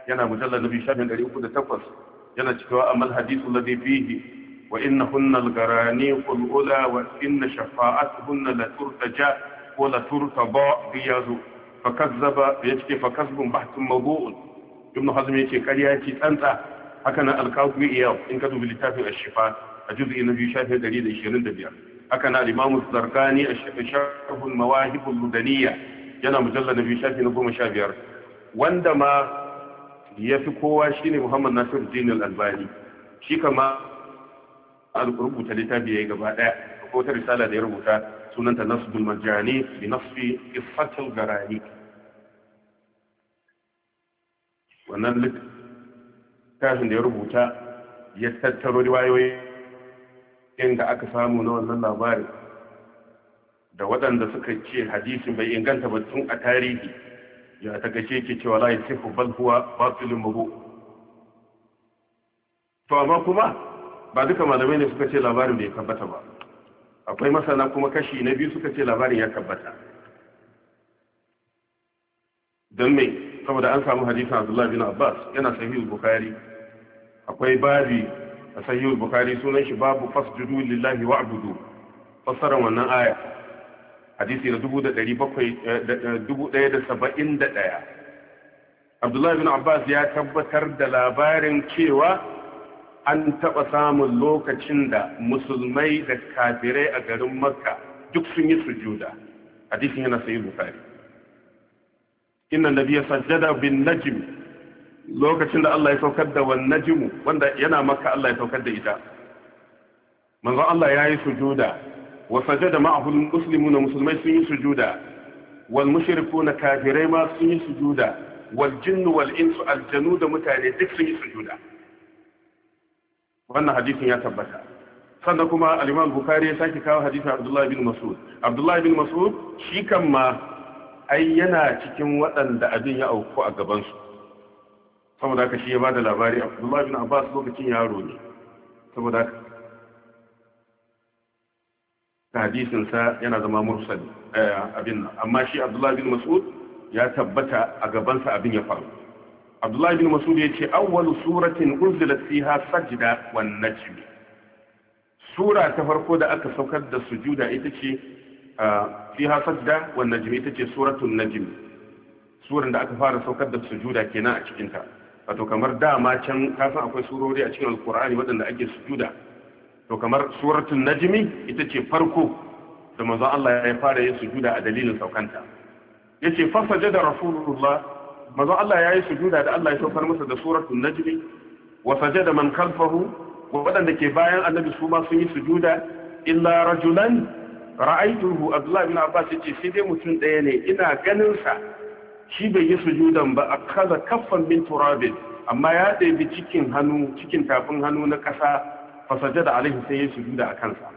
yana mujallal nabi shafin 308 yana cewa amal hadithu ladhi fihi wa innahunna al-garaniqu al-ula wa inna shafa'atuhunna la turtaja wa la turtaba biyazu fakazzaba yake fakazbun bahtun mawdu'un ibn hazm yake kariya yake tsantsa haka na al-kafi iya in ka dubi littafin ash-shifa a juz'i na biyu shafi 125 haka nan al-imam az-zarqani ash-shafi al-mawahib al-ludaniyya yana mujallad na biyu shafi na 15 wanda ma ya fi kowa shi ne muhammad nasiru dinul albani shi kama rubuta littafi ya yi gaba ɗaya ko wata risala da ya rubuta sunanta nasbul majani bi nasfi ifatul garani wannan littafin da ya rubuta ya tattaro riwayoyi inda aka samu na wannan labarin da waɗanda suka ce hadisin bai inganta ba tun a tarihi ya ta gashi yake cewa la yasifu bal huwa batilun mabu to amma kuma ba duka malamai ne suka ce labarin bai tabbata ba akwai masana kuma kashi na biyu suka ce labarin ya tabbata dan me saboda an samu hadisin Abdullah bin Abbas yana sahih Bukhari akwai babi a sahih Bukhari sunan shi babu fasjudu lillahi wa'budu fasara wannan aya hadisi na 1771 eh, eh, abdullahi bin abbas ya tabbatar da labarin cewa an taɓa samun lokacin da musulmai da kafirai a garin makka duk sun yi sujuda hadisin yana sayi bukari inna nabiya sajjada bin najim lokacin da Allah ya saukar da wan najimu wanda yana makka Allah ya saukar da ita manzon Allah ya yi sujuda wa da ma'ahu muslimuna musulmai sun yi sujuda wal na kafirai ma sun yi sujuda wal jinnu wal aljanu da mutane duk sun yi sujuda wannan hadisin ya tabbata sannan kuma al-Imam Bukhari ya sake kawo hadisin Abdullah bin Mas'ud Abdullah bin Mas'ud shi kan yana cikin waɗanda abin ya auku a gaban saboda haka shi ya labari lokacin yaro ne saboda hadisinsa yana zama mursal eh, abin amma shi abdullahi bin mas'ud ya tabbata a gabansa abin ya faru abdullahi bin mas'ud ya ce awwalu suratin unzilat fiha sajda wan najm sura ta farko da aka saukar da sujuda ita ce fiha sajda wan najm ita ce suratul suran da aka fara saukar da sujuda kenan a cikin ta wato kamar dama can kasan akwai surori a cikin alkur'ani waɗanda ake sujuda to kamar suratul najmi ita ce farko da manzo Allah ya fara yin sujuda a dalilin saukanta yace fa sajada rasulullah manzo Allah ya yi sujuda da Allah ya saukar masa da suratul najmi wa sajada man khalfahu wadanda ke bayan annabi su ma sun yi sujuda illa rajulan ra'aytuhu abdullah bin abbas yace sai dai mutum daya ne ina ganin sa shi bai yi sujudan ba akaza kaffan min turabin amma ya ɗebi cikin hannu cikin tafin hannu na ƙasa fasajada alaihi sai ya sujuda a kansa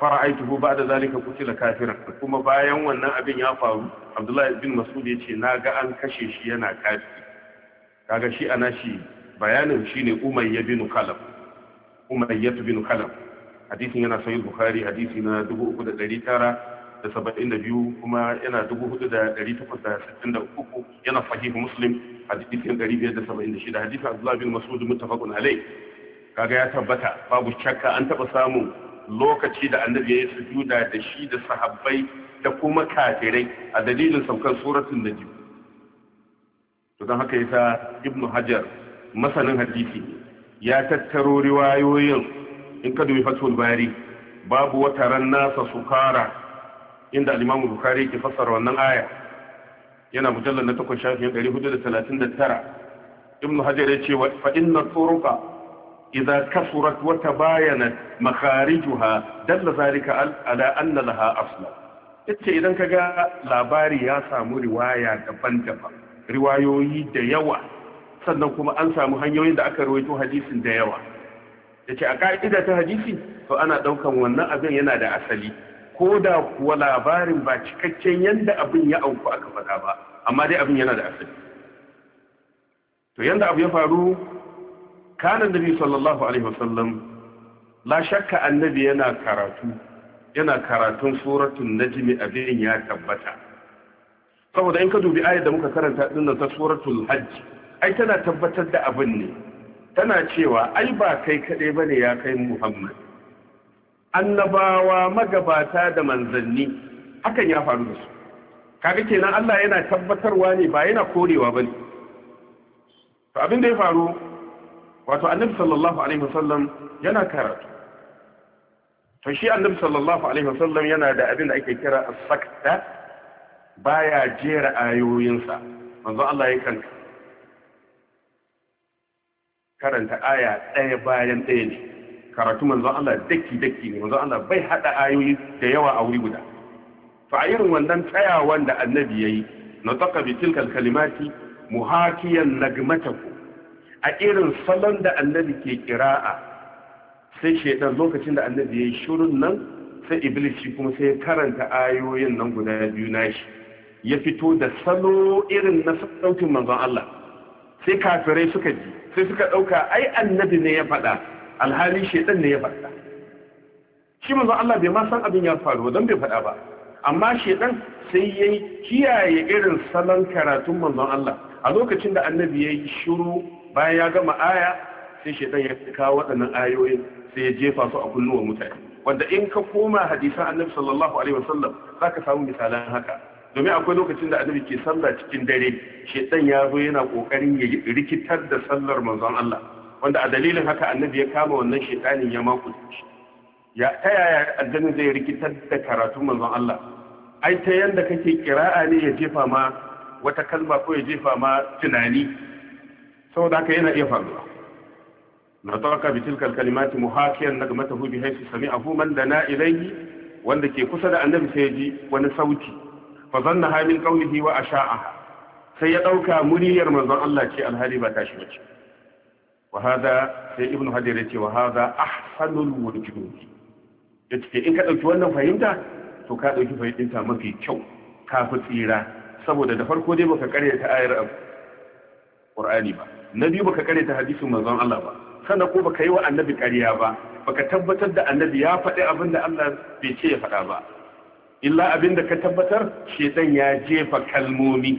fara'aituhu ba'da zalika da kafiran kuma bayan wannan abin ya faru Abdullahi bin Mas'ud ya ce na ga an kashe shi yana kafiri kaga shi ana shi bayanin shine Umayya bin Khalaf Umayya bin Khalaf hadisin yana sahih Bukhari hadisi na 3972 kuma yana 4863 yana sahih Muslim hadisin 576 hadisin Abdullahi bin Mas'ud muttafaqun alayh kaga ya tabbata babu shakka an taba samun lokaci da annabi ya su sujuda da shi da sahabbai da kuma kafirai a dalilin saukar suratun najm to don haka yasa ibnu hajar masanin hadisi ya tattaro riwayoyin in ka dubi fatul bari babu wata ran nasa sukara inda al-imamu ke fassara wannan aya yana mujallal na 8 shafin 439 ibnu hajar ya ce fa inna turuqa إذا كثرت وتباينت مخارجها دل ذلك على أن لها أصلا ita idan ka ga labari ya samu riwaya daban-daban riwayoyi da yawa sannan kuma an samu hanyoyin da aka rawaito hadisin da yawa da ce a ka'ida ta hadisi to ana ɗaukan wannan abin yana da asali ko da kuwa labarin ba cikakken yadda abin ya auku aka faɗa ba amma dai abin yana da asali to yadda abu ya faru kana nabi sallallahu alaihi wasallam la shakka annabi yana karatu yana karatun suratul najm abin ya tabbata saboda in ka dubi ayar da muka karanta din ta suratul hajj ai tana tabbatar da abin ne tana cewa ai ba kai kade bane ya kai muhammad annabawa magabata da manzanni hakan ya faru da su kaga kenan Allah yana tabbatarwa ne ba yana korewa bane to abin da ya faru wato annabi sallallahu alaihi wasallam yana karatu to shi annabi sallallahu alaihi wasallam yana da abin da ake kira as-sakta baya jera ayoyinsa manzo Allah ya yakan karanta aya ɗaya bayan ɗaya ne karatu manzo Allah daki daki ne manzo Allah bai hada ayoyi da yawa a wuri guda to a irin wannan tsayawan da annabi yayi nataka bi tilkal kalimati muhakiyan nagmatahu a irin salon da annabi ke kira'a sai shaidan lokacin da annabi ya yi shirun nan sai iblis kuma sai ya karanta ayoyin nan guda biyu nashi ya fito da salo irin na saukin manzon Allah sai kafirai suka ji sai suka ɗauka ai annabi ne ya faɗa alhali shaidan ne ya faɗa shi manzon Allah bai ma san abin ya faru don bai faɗa ba amma shaidan sai ya kiyaye irin salon karatun manzon Allah a lokacin da annabi ya yi shiru bayan ya gama aya sai shaidan ya kawo waɗannan ayoyin sai ya jefa su a kulluwar mutane wanda in ka koma hadisan annabi sallallahu alaihi wasallam zaka samu misalan haka domin akwai lokacin da annabi ke sallah cikin dare shaitan ya zo yana kokarin ya rikitar da sallar manzon Allah wanda a dalilin haka annabi ya kama wannan shaitanin ya shi ya ta yaya aljanna zai rikitar da karatun manzon Allah ai ta yanda kake kira'a ne ya jefa ma wata kalma ko ya jefa ma tunani saboda haka yana iya faruwa na tawaka bi tilkal kalimati muhakiyan nagmatahu bi haythu sami'ahu man dana ilayhi wanda ke kusa da annabi sai ji wani sauti fa zanna halin qawlihi wa asha'aha sai ya dauka muriyar manzon Allah ce alhali ba tashi bace wa hada sai ibnu hajar ya ce wa hada ahsanul wujudi yace in ka dauki wannan fahimta to ka dauki fahimta mafi kyau ka fi tsira saboda da farko dai baka ta ayar Qur'ani ba na biyu baka kare ta hadisin manzon Allah ba sannan ko baka yi wa annabi ƙarya ba baka tabbatar da annabi ya faɗi abin da Allah bai ce ya faɗa ba illa abin da ka tabbatar shedan ya jefa kalmomi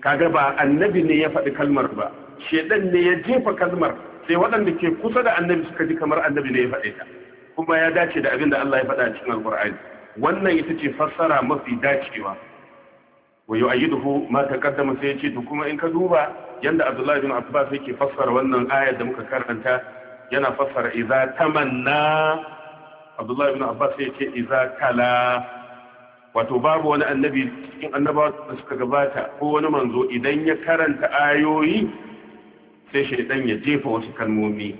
kaga ba annabi ne ya faɗi kalmar ba shedan ne ya jefa kalmar sai waɗanda ke kusa da annabi suka ji kamar annabi ne ya faɗe ta kuma ya dace da abin da Allah ya faɗa a cikin alƙur'ani wannan ita ce fassara mafi dacewa wa ayi ma taqaddama sai yace to kuma in ka duba yanda Abdullah yake fassara wannan ayar da muka karanta yana fassara idza tamanna Abbas yace idza tala wato babu wani annabi cikin da suka gabata ko manzo idan ya karanta ayoyi sai shaydan ya jefa wasu kalmomi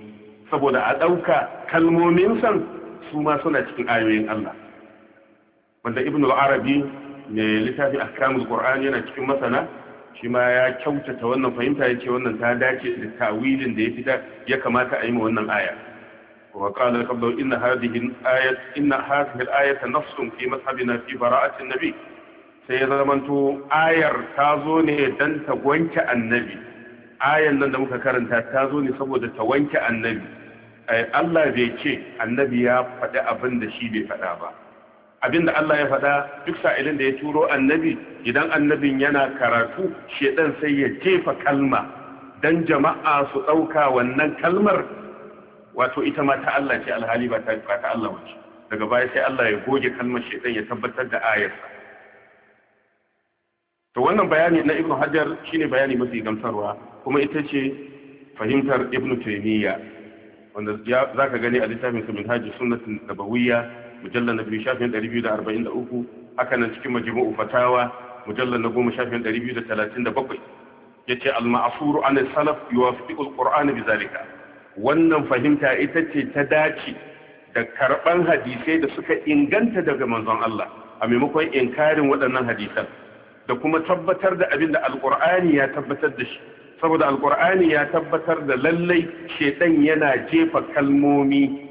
saboda a ɗauka kalmomin san su ma suna cikin ayoyin Allah wanda ibn arabi mai littafi ahkamul qur'an yana cikin masana shi ma ya kyautata wannan fahimta ya ce wannan ta dace da tawilin da ya fita ya kamata a yi ma wannan aya wa qala qabla inna hadhihi ayat inna hadhihi ayat nafsun fi mazhabina fi bara'ati nabi sai ya zamanto ayar ta zo ne dan ta wanke annabi ayan nan da muka karanta ta zo ne saboda ta wanke annabi Allah bai ce annabi ya faɗi abin da shi bai faɗa ba abinda Allah ya faɗa duk sa'ilin da ya turo annabi idan annabin yana karatu shedan sai ya jefa kalma dan jama'a su ɗauka wannan kalmar wato ita ma ta Allah ce alhali ba ta Allah wace daga baya sai Allah ya goge kalmar shedan ya tabbatar da ayarsa to wannan bayani na Ibnu Hajar shine bayani mafi gamsarwa kuma ita ce fahimtar Ibnu Taymiyyah wanda zaka gani a littafin sa Minhajus da Nabawiyya mujallar na biyu shafin 243 haka nan cikin majmu'u fatawa mujallar na goma shafin 237 yace al-ma'furu an salaf yuwafiqu al-qur'ana bizalika wannan fahimta ita ce ta dace da karban hadisai da suka inganta daga manzon Allah a maimakon inkarin waɗannan hadisan da kuma tabbatar da abin da alƙur'ani ya tabbatar da shi saboda alƙur'ani ya tabbatar da lallai shedan yana jefa kalmomi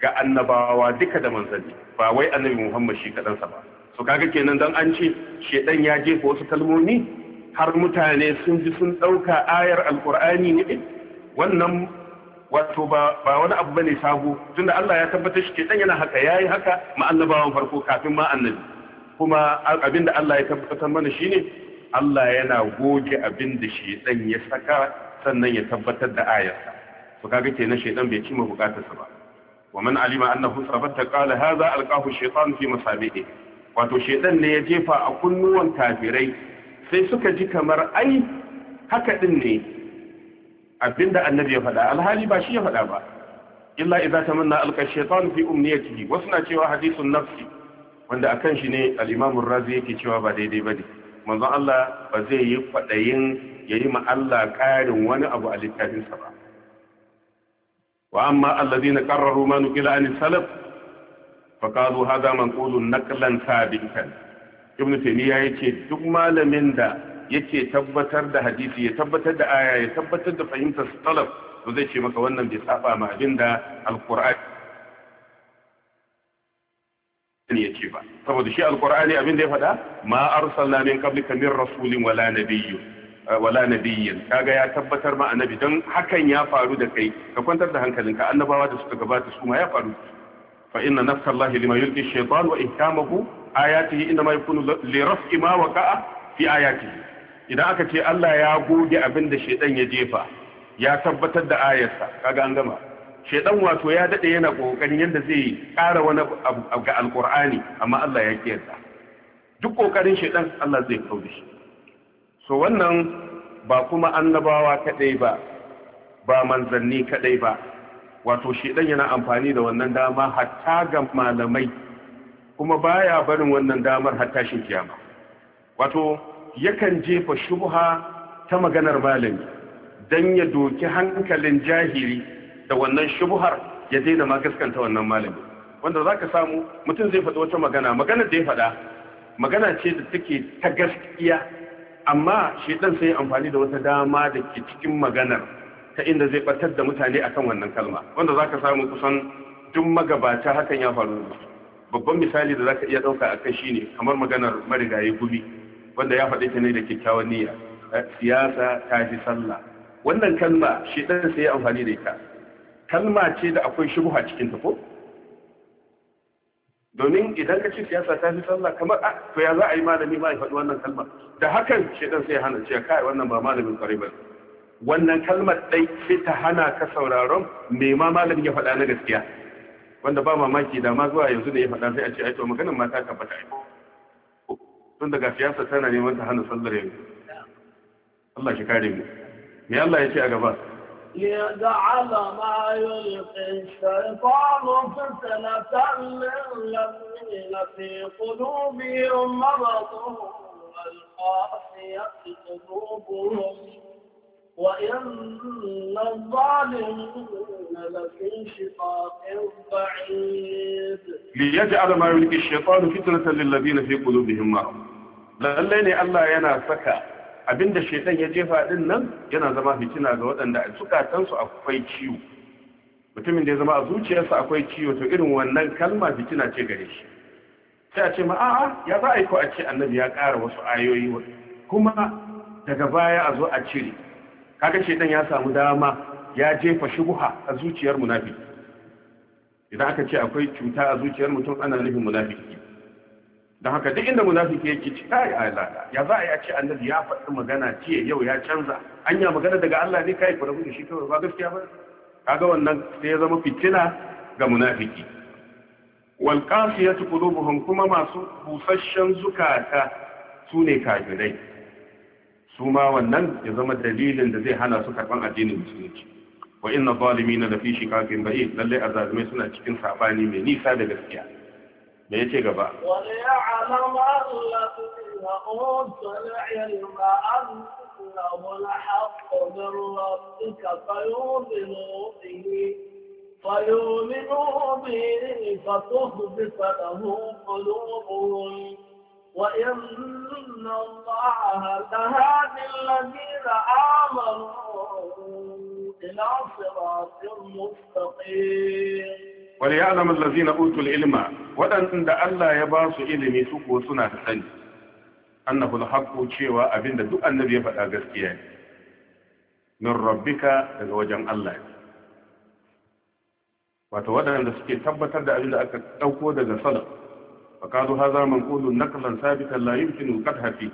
ga annabawa duka da manzanni ba wai annabi Muhammad shi kadansa ba so kaga kenan dan an ce shedan ya jefa wasu kalmomi har mutane sun ji sun dauka ayar alqur'ani ne wannan wato ba wani abu bane sabo tunda Allah ya tabbatar shi shedan yana haka yayi haka ma annabawan farko kafin ma annabi kuma abinda Allah ya tabbatar mana shine Allah yana goge abinda shedan ya saka sannan ya tabbatar da ayarsa to kaga kenan shedan bai cima bukatarsa ba ومن علم أنه ثبت قال هذا ألقاه الشيطان في مصابئه wato shedan ne ya jefa a kunnuwan kafirai sai suka ji kamar ai haka din ne abinda annabi ya faɗa alhali ba shi ya faɗa ba illa idza tamanna alqa shaytan fi umniyatihi wasu na cewa hadisun nafsi wanda akan shi ne al-imam ar-razi yake cewa ba daidai bane manzon Allah ba zai yi ya yayi ma Allah ƙarin wani abu a littafinsa ba وأما الذين قرروا ما نقل عن السلف فقالوا هذا منقول نقلا ثابتا ابن ya يتي duk malamin da yake tabbatar da hadisi ya tabbatar da aya ya tabbatar da fahimtar salaf to zai ce maka wannan bai saba ma abin ya ce ba saboda shi alqur'ani abinda ya faɗa ma arsalna min qablika min rasulin wala nabiyyin wala nabiyyin kaga ya tabbatar ma annabi don hakan ya faru da kai ka kwantar da hankalinka annabawa da suka gabata su ma ya faru fa inna nafsa Allah lima yulqi shaytan wa ihkamahu ayatihi ma yakunu li raf'i ma waqa'a fi ayatihi idan aka ce Allah ya goge abin da shaytan ya jefa ya tabbatar da ayarsa kaga an gama shaytan wato ya dade yana kokarin yanda zai kara wani abu ga alqur'ani amma Allah ya kiyarta duk kokarin shaytan Allah zai kaudi shi to wannan ba kuma annabawa kadai ba ba manzanni kadai ba wato shedan yana amfani da wannan dama hatta ga malamai kuma baya barin wannan damar hatta shin kiyama wato yakan jefa shubha ta maganar malami dan ya doki hankalin jahiri da wannan shubhar ya daina ma gaskanta wannan malami wanda zaka samu mutum zai faɗi wata magana maganar da ya faɗa magana ce da take ta gaskiya amma shedan sai amfani da wata dama da ke cikin maganar ta inda zai batar da mutane akan wannan kalma wanda zaka samu kusan duk magabata hakan ya faru babban misali da zaka iya dauka akan shine kamar maganar marigayi gumi wanda ya faɗi ta ne da kyakkyawan niyya eh, siyasa ta fi sallah wannan kalma shedan sai amfani da ita kalma ce da akwai shubuha cikin ta ko domin idan ka ce siyasa ta fi sallah kamar a ah, to ya za a yi malami ba ya faɗi wannan kalmar da hakan shedan sai ya hana ce kai wannan ba malamin kwarai ba wannan kalmar dai sai ta hana ka sauraron me ma malamin ya faɗa na gaskiya wanda ba mamaki da ma zuwa yanzu da ya faɗa sai a ce ai to maganar ma ta tabbata ai tun daga siyasa tana neman ta hana sallar yanzu Allah shi kare mu me Allah ya ce a gaba ليجعل ما يلقي الشيطان فتنة للذين في قلوبهم مرض والقاسية قلوبهم وإن الظالمين لفي شقاق بعيد ليجعل ما يلقي الشيطان فتنة للذين في قلوبهم مرض لأنني الله Allah abinda shaitan ya jefa din nan yana zama fitina ga waɗanda a zukatansu akwai ciwo mutumin da ya zama a zuciyarsa akwai ciwo to irin wannan kalma fitina ce gare shi sai a ce ma a'a ya za a yi ko a ce annabi ya ƙara wasu ayoyi kuma daga baya a zo a cire kaga shaitan ya samu dama ya jefa shubuha a zuciyar munafiki idan aka ce akwai cuta a zuciyar mutum ana nufin munafiki don haka duk inda munafiki yake ci kai Allah ya za a yi a ce annabi ya faɗi magana ce yau ya canza anya magana daga Allah ne kai kurabu da shi kawai ba gaskiya ba kaga wannan sai ya zama fitina ga munafiki wal qasiyatu qulubuhum kuma masu busasshen zukata su ne kafirai su ma wannan ya zama dalilin da zai hana su karban addinin musulunci wa inna na lafi kafin ba'id lalle azalimai suna cikin sabani mai nisa da gaskiya me yace gaba فيؤمنوا به فتخبت له قلوبهم وإن الله لهادي الذين آمنوا إلى صراط مستقيم wal ya'lamu allazina utul ilma waɗanda Allah ya ba su ilimi su ko suna da sani annahu alhaqqu cewa abinda duk annabi ya faɗa gaskiya ne min rabbika daga wajen Allah ne wato waɗanda suke tabbatar da abin da aka ɗauko daga salaf fa kazu haza manqulun naqlan sabitan la yumkinu qadhafi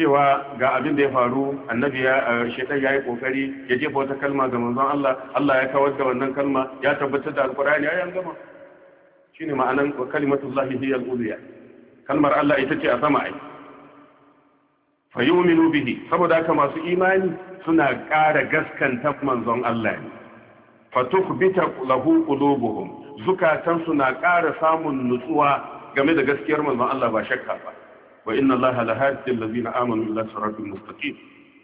cewa ga abin da ya faru annabi ya shedan yayi kokari ya jefa wata kalma ga manzon Allah Allah ya kawar da wannan kalma ya tabbatar da alqur'ani ya yan gama shine ma'anan kalimatullahi hiya al-uliya kalmar Allah ita ce a sama ai fa yu'minu bihi saboda haka masu imani suna ƙara gaskanta manzon Allah ne fa tukhbita lahu qulubuhum zukatan suna ƙara samun nutsuwa game da gaskiyar manzon Allah ba shakka ba wa inna allaha lahadil ladina amanu ila siratil mustaqim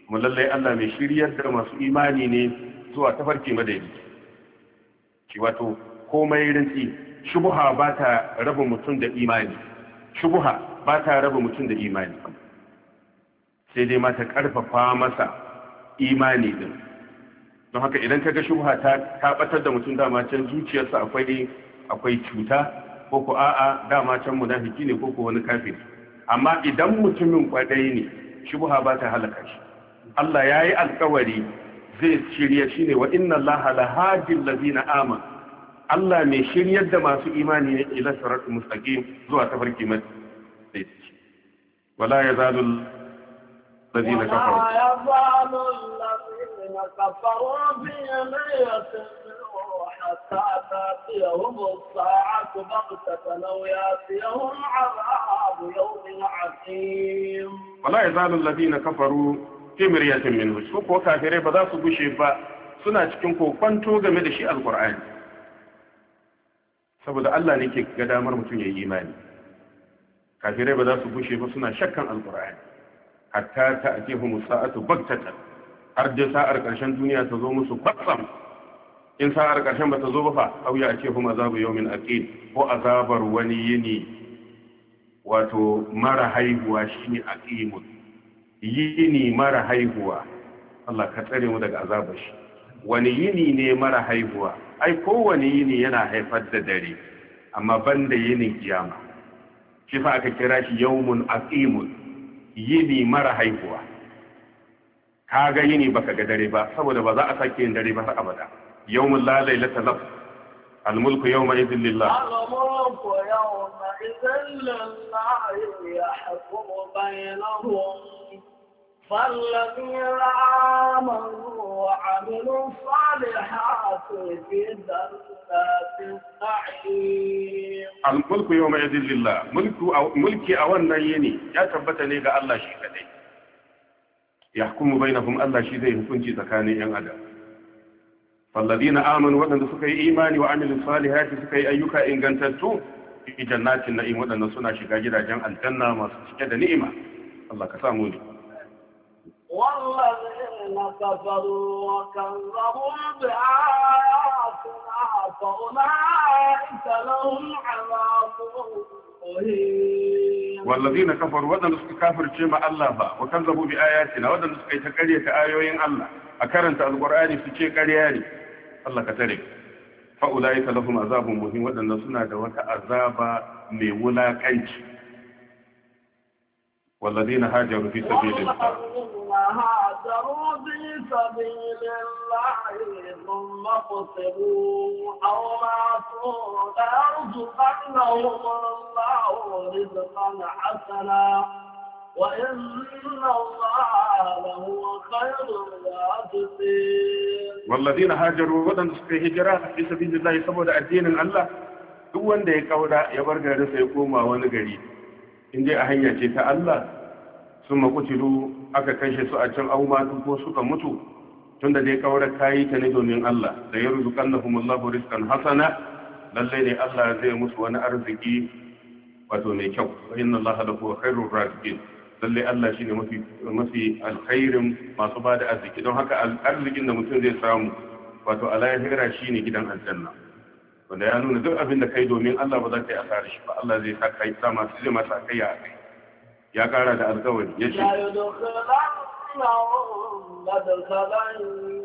kuma lallai Allah mai shiryar da masu imani ne zuwa tafarki madaidai ki wato komai rinci shubuha ba ta raba mutum da imani shubuha ba ta raba mutum da imani sai dai ma ta karfafa masa imani din don haka idan ga shubuha ta ta batar da mutum dama can zuciyarsa akwai akwai cuta ko ko a'a dama can munafiki ne ko ko wani kafiri amma idan mutumin kwadai ne shubha ba ta halaka shi Allah ya yi alkawari zai shirya shi ne wa inna Allah la hadil ladina aman Allah mai shiryar da masu imani ne ila siratul mustaqim zuwa ta farki mai wala ya kafaru wala ya كفروا ولا kafaru الذين كفروا بيمينهم حتى تاتيهم الساعة بغتة لو ياتيهم عذاب يوم عظيم ولا يزال الذين كفروا في مرية منه سوكو كافرين بدا su gushe ba suna cikin kokwanto game da shi alkur'ani saboda Allah ne ke ga damar mutum ya yi imani kafirai ba za su bushe ba suna shakkan alkur'ani hatta ta ake humusa'atu baktatan har dai sa'ar ƙarshen duniya ta zo musu kwatsam in sa'ar ƙarshen ba ta zo ba fa au ya ce kuma azabu yawmin aqil ko azabar wani yini wato mara haihuwa shine aqimun yini mara haihuwa Allah ka tsare mu daga azabar shi wani yini ne mara haihuwa ai kowane yini yana haifar da dare amma banda yinin kiyama shi fa aka kira shi yawmun aqimun yini mara haihuwa kaga yini baka ga dare ba saboda ba za a sake yin dare ba har abada يوم لا ليلة له الملك يومئذ لله الملك يومئذ لله يحكم بينهم فالذين آمنوا وعملوا الصالحات في جنات النعيم الملك يومئذ لله ملك أو ملكي أو النيني يا تبتني الله شيء يحكم بينهم الله شيء يكون في زكاني أن أدم walladina amanu waɗanda suka yi imani wa amilin salihati suka yi ayyuka ingantattu fi jannatin na'im waɗanda suna shiga gidajen aljanna masu cike da ni'ima Allah ka samu ne والذين كفروا وكذبوا بآياتنا فأولئك لهم عذاب والذين كفروا ودن سك كافر جمع الله با وكذبوا بآياتنا ودن سك تكرية آيوين الله أكرنت القرآن في شيء Allah ka tare fa'ulaika lahum azabun muhim waɗanda suna da wata azaba mai wulakanci والذين هاجروا في سبيل الله هاجروا في سبيل الله ثم قتلوا أو ماتوا لأرزقنهم الله رزقا حسنا والذين هاجروا ودن في هجرة في سبيل الله saboda addinin Allah duk wanda ya kaura ya bar garinsa ya koma wani gari in dai a hanya ce ta Allah sun makutilu aka kashe su a can auma ko suka mutu tunda dai kaura kayi ta ne domin Allah da ya ruzuqannahum Allahu rizqan hasana lalle ne Allah zai musu wani arziki wato mai kyau inna Allah lahu khairur raziqin lallai Allah shi mafi mafi alkhairin masu bada arziki don haka arzikin da mutum zai samu wato alahira ne gidan aljanna wanda ya nuna duk abin da kai domin Allah ba za ka yi asara shi ba Allah zai saka yi sama zai masa kai a kai ya kara da alkawari ya ce يدخلنهم مدخلا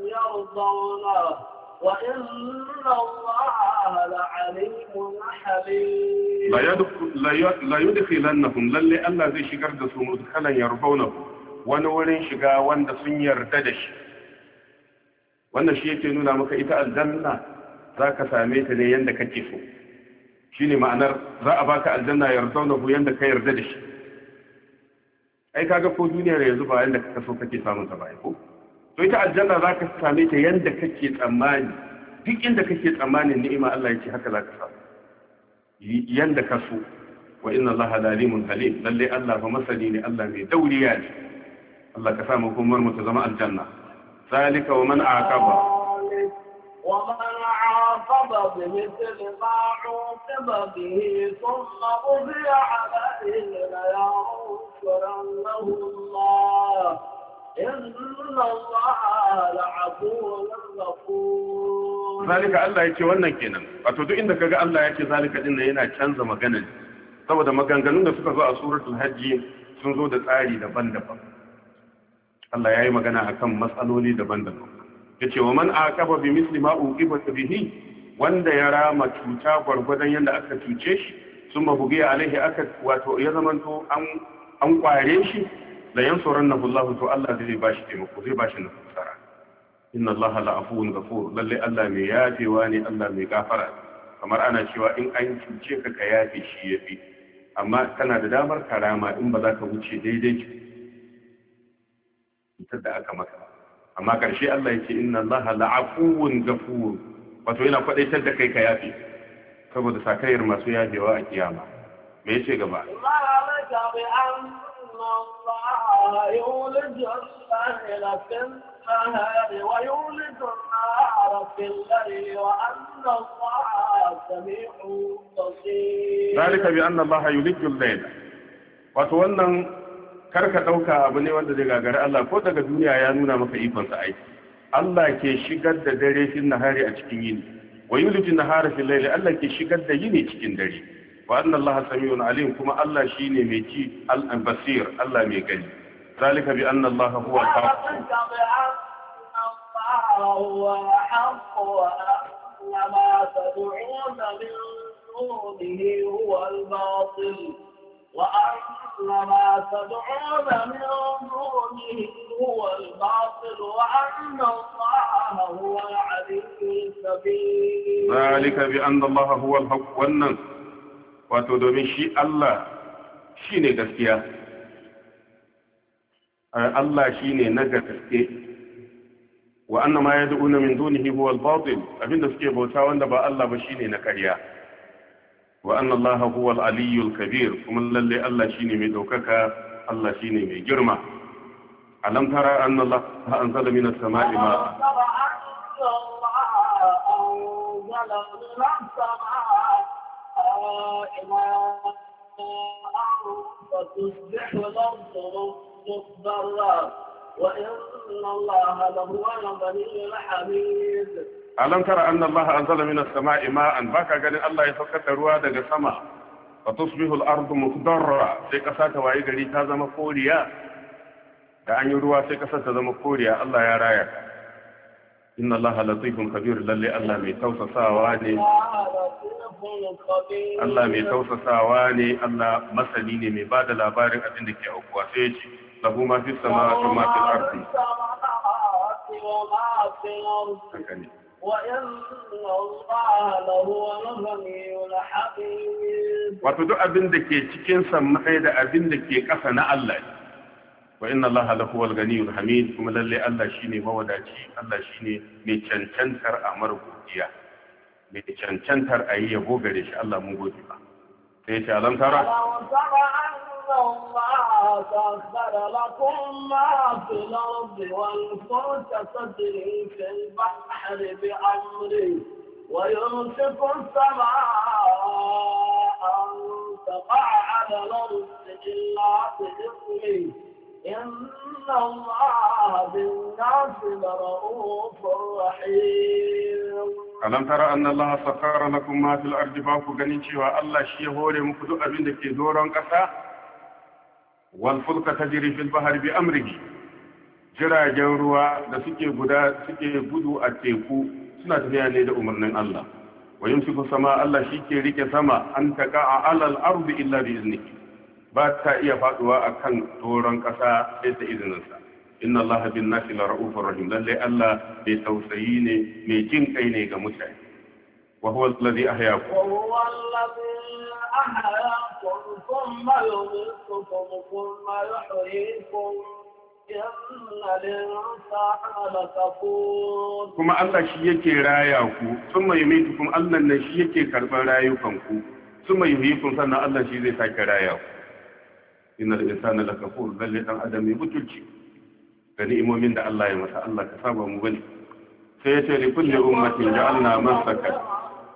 يرضونه la yudkhilannahum lalle Allah zai shigar da su mudkhalan yarbawnahu wani wurin shiga wanda sun yarda da shi wannan shi yake nuna maka ita aljanna ka same ta ne yanda kake so Shi ne ma'anar za a baka aljanna yardawnahu yadda ka yarda da shi ai kaga ko duniyar yanzu ba yadda ka so kake samun ta ba ko to ita aljanna za ka same ta yadda kake tsammani duk inda kake tsammanin ni'ima Allah ya ce haka za ka samu yadda ka so wa inna Allah zalimun halim lalle Allah fa masani ne Allah mai dauriya ne Allah ka sa mu kuma mu ta zama aljanna zalika wa man aqaba wa man aqaba bi mithli ma uqiba bihi thumma ubiya alayhi la yansurannahu Allah zalika Allah ya ce wannan kenan wato duk inda kaga Allah yake zalika din nan yana canza magana saboda maganganun da suka zo a suratul hajji sun zo da tsari daban-daban Allah yayi magana akan matsaloli daban-daban yace wa man aqaba bi misli ma uqiba bihi wanda ya rama cuta gwargwadon yadda aka cuce shi sun bugiya alaihi aka wato ya zamanto an an kware shi la yansurannahu Allah to Allah zai bashi taimako zai bashi nasara inna Allah la afuwun ghafur lalle Allah mai yafewa ne Allah mai gafara kamar ana cewa in an cuce ka ka yafe shi fi. amma kana da damar karama in ba za ka wuce daidai ta da aka maka amma karshe Allah yake inna Allah la afuwun ghafur wato yana faɗaitar da kai ka yafe saboda sakayar masu yafewa a kiyama me yace gaba Allah ذلك بأن الله يلج الليل وتولى karka ɗauka abu ne wanda zai gagari Allah ko daga duniya ya nuna maka ikonsa ai Allah ke shigar da dare fil nahari a cikin yini wa yulijin nahara fil layli Allah ke shigar da yini cikin dare وأن الله سميع عليم كما الله شيني shine mai الله al ذلك بأن الله هو الحق وأن anna allaha huwa هو الحق وأن ما تدعون من دونه هو الباطل وأن ما تدعون من دونه هو الباطل وأن الله هو العلي الكبير ذلك بأن الله هو الحق والنصر wato domin shi Allah shi ne gaskiya eh, Allah shi ne na gaske wa annama ya da'una min dunihi huwa al-batil abinda suke bauta wanda ba Allah ba shine na karya wa anna Allah huwa al-aliyyul kabir kuma lalle Allah shine mai daukaka Allah shine mai girma alam tara anna Allah ha anzala min as-sama'i ma'a فتصبح الأرض وإن الله لهو الغني الحميد ألم ترى أن الله أنزل من السماء ماء باكا قال الله يسكت روا دغ سما فتصبح الأرض مخضرا في kasa ta waye gari ta zama koriya da an yi ruwa sai kasa inna Allah latifun kabir lalle Allah mai tausasawa ne Allah mai tausasawa ne Allah masani ne mai bada labarin abin da ke aukuwa sai ce lahu ma fi samawati ma fil ardi wato duk abin da ke cikin samai da abin da ke ƙasa na Allah ne وإن الله لهو الغني الحميد كما للي الله شيني موداتي الله شيني مي چنچنتر أمر بوديا مي چنچنتر أي يبو بريش الله مبودي ما تيش ألم ترى ويمسك السماء أن تقع على الأرض إلا بإذنه إن الله بالناس لرؤوف رحيم ألم ترى أن الله سخر لكم ما في الأرض باكو غنين شيوا muku duk abin da ke doron ƙasa wal fulka tajri fil bahri bi amrihi jiragen ruwa da suke guda suke gudu a teku suna tafiya ne da umarnin Allah wa yumsiku sama Allah shi ke rike sama an a alal ardi illa bi iznihi ba ta iya faduwa kan doron ƙasa, sai da izininsa inna allaha bin nasi la ra'ufur rahim lalle allah mai tausayi ne mai jin kai ne ga mutane wa huwa alladhi ahyaakum wa huwa alladhi ahyaakum thumma yumeetukum thumma yuhyikum kuma Allah shi yake raya ku sun mai mai kuma Allah nan shi yake karɓar rayukanku sun mai yi kun sannan Allah shi zai sake raya ku إن الإنسان لكفور بل لأن أدم يبتلش كنئم من دع الله يمسى الله كسابه مبني سيتي لكل أمة جعلنا مرسكا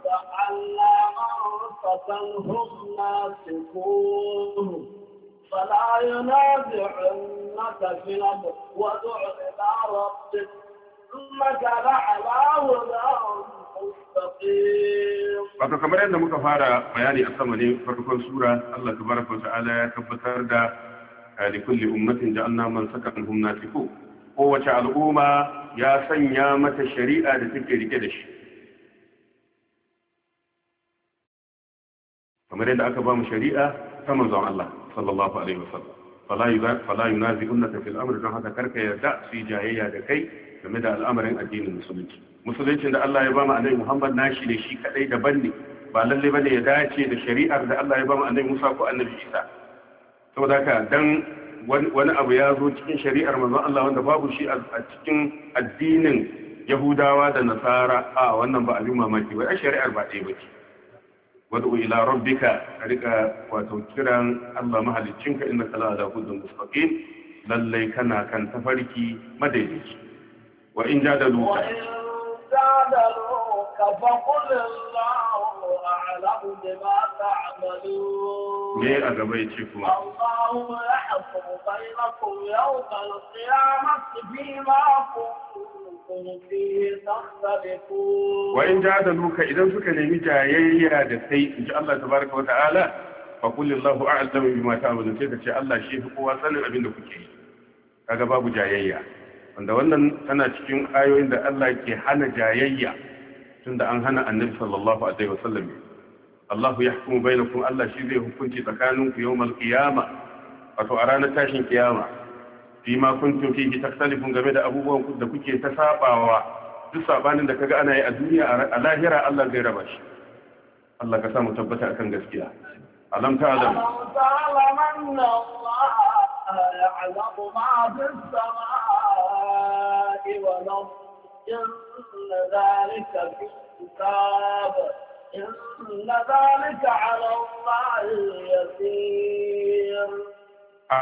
جعلنا مرسكا هم ناسكوه فلا ينازعنك في الأمر ودع إلى ربك Wato kamar yadda muka fara bayani a sama ne farkon sura Allah tabaraka wa ta'ala ya tabbatar da eh, li kulli ummatin ja'alna man saka hum natiku kowace al'umma ya sanya mata shari'a da take rike da shi kamar yadda aka ba mu shari'a ta manzon Allah sallallahu alaihi wasallam fala yunazi ummata fil amr don haka karka yarda su yi jayayya da kai game da al'amarin addinin musulunci Musulunci da Allah ya ba mu annabi Muhammad nashi ne shi kadai daban ne ba lalle bane ya dace da shari'ar da Allah ya ba a annabi Musa ko annabi Isa saboda haka dan wani abu ya zo cikin shari'ar manzon Allah wanda babu shi a cikin addinin Yahudawa da Nasara a wannan ba abin mamaki ba shari'ar ba ɗaya bace wad'u ila rabbika rika wato kiran Allah mahaliccinka innaka la ala hudan mustaqim lalle kana kan tafarki madaidaici وإن جادلوك جادلوك فقل الله أعلم بما تعملون ليه أقبيتكم الله يحكم بينكم يوم القيامة فيما كنتم فيه تختلفون وإن جادلوك إذا سك نمي جايا دسي إن شاء الله تبارك وتعالى فقل الله أعلم بما تعملون كيف الله شيء هو سنة أبين كتير kaga babu jayayya wanda wannan tana cikin ayoyin da Allah ke hana jayayya tunda an hana annabi sallallahu alaihi wasallam Allahu ya hukumu bainakum Allah shi zai hukunci tsakaninku yawmal qiyama wato a ranar tashin kiyama fi ma kuntum fihi takhtalifun game da abubuwan da kuke ta sabawa duk sabanin da kaga ana yi a duniya a lahira Allah zai raba shi Allah ka sa mu tabbata akan gaskiya alam ta alam ta'lamanna Allah ya'lamu ma الكتاب إن ذلك على الله يسير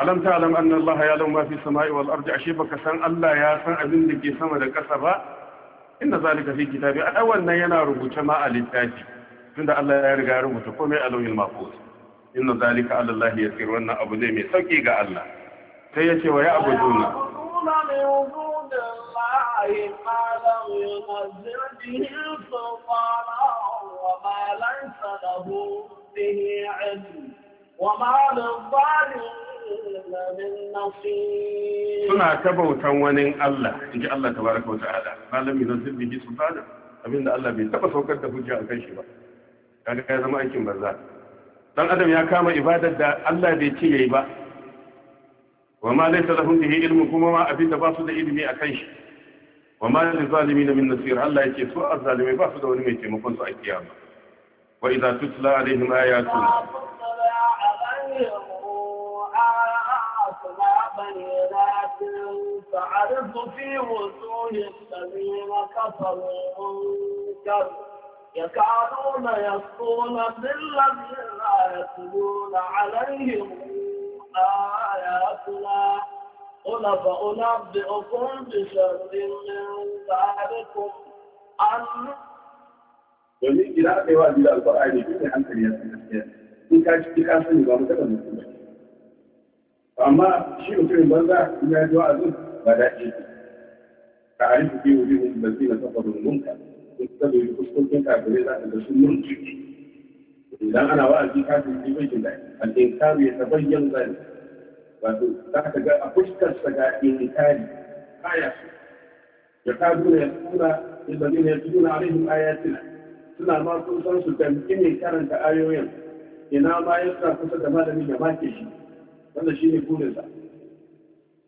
ألم تعلم أن الله يعلم ما في السماء والأرض أشيبك سن الله يا سن أذن لك سمى كسبا إن ذلك في كتابي ان ما ينار بجماعة للتاجي عند الله يرجع رمته كم ألوه المحفوظ إن ذلك على الله يسير وأن أبو ديمي سكي الله سيأتي ويعبدون ويعبدون من دون الله ما لا يملك لهم ضرا ولا نفعا suna ta bautan wani Allah in ji Allah tabaraka ala, malam yi na zirbi ji fada, abinda Allah bai taba saukar da hujja a kan shi ba Ya ga ya zama aikin banza dan adam ya kama ibadar da Allah bai ce ya yi ba وما ليس لهم به علم كما ما أبدا باسو دا علمي وما للظالمين من نصير الله يتي سوء الظالمي باسو دا علمي تي مقنص اتياما وإذا تتلى عليهم آياتنا يكادون يسطون بالذين لا يتلون عليهم آياتنا قل فأنبئكم بشر من gida yi wa gida alƙur'ani da hankali ya san gaskiya in ka ci ka sani ba mu taɓa ba amma shi banza ba daɗi ka arifu fi wujuhum kafirai za ka ga sun murtuki idan ana wa'azi kafin shi bai jin daɗi al-inkari ya tabayyan zani wato za ka ga a fuskarsa ga inkari kaya su ya kazo ya tura idan ya tura alaihim ayatina suna ma kun san su damƙi ne karanta ayoyin ina ma ya sa kusa da malami ya make shi wanda shi ne burinsa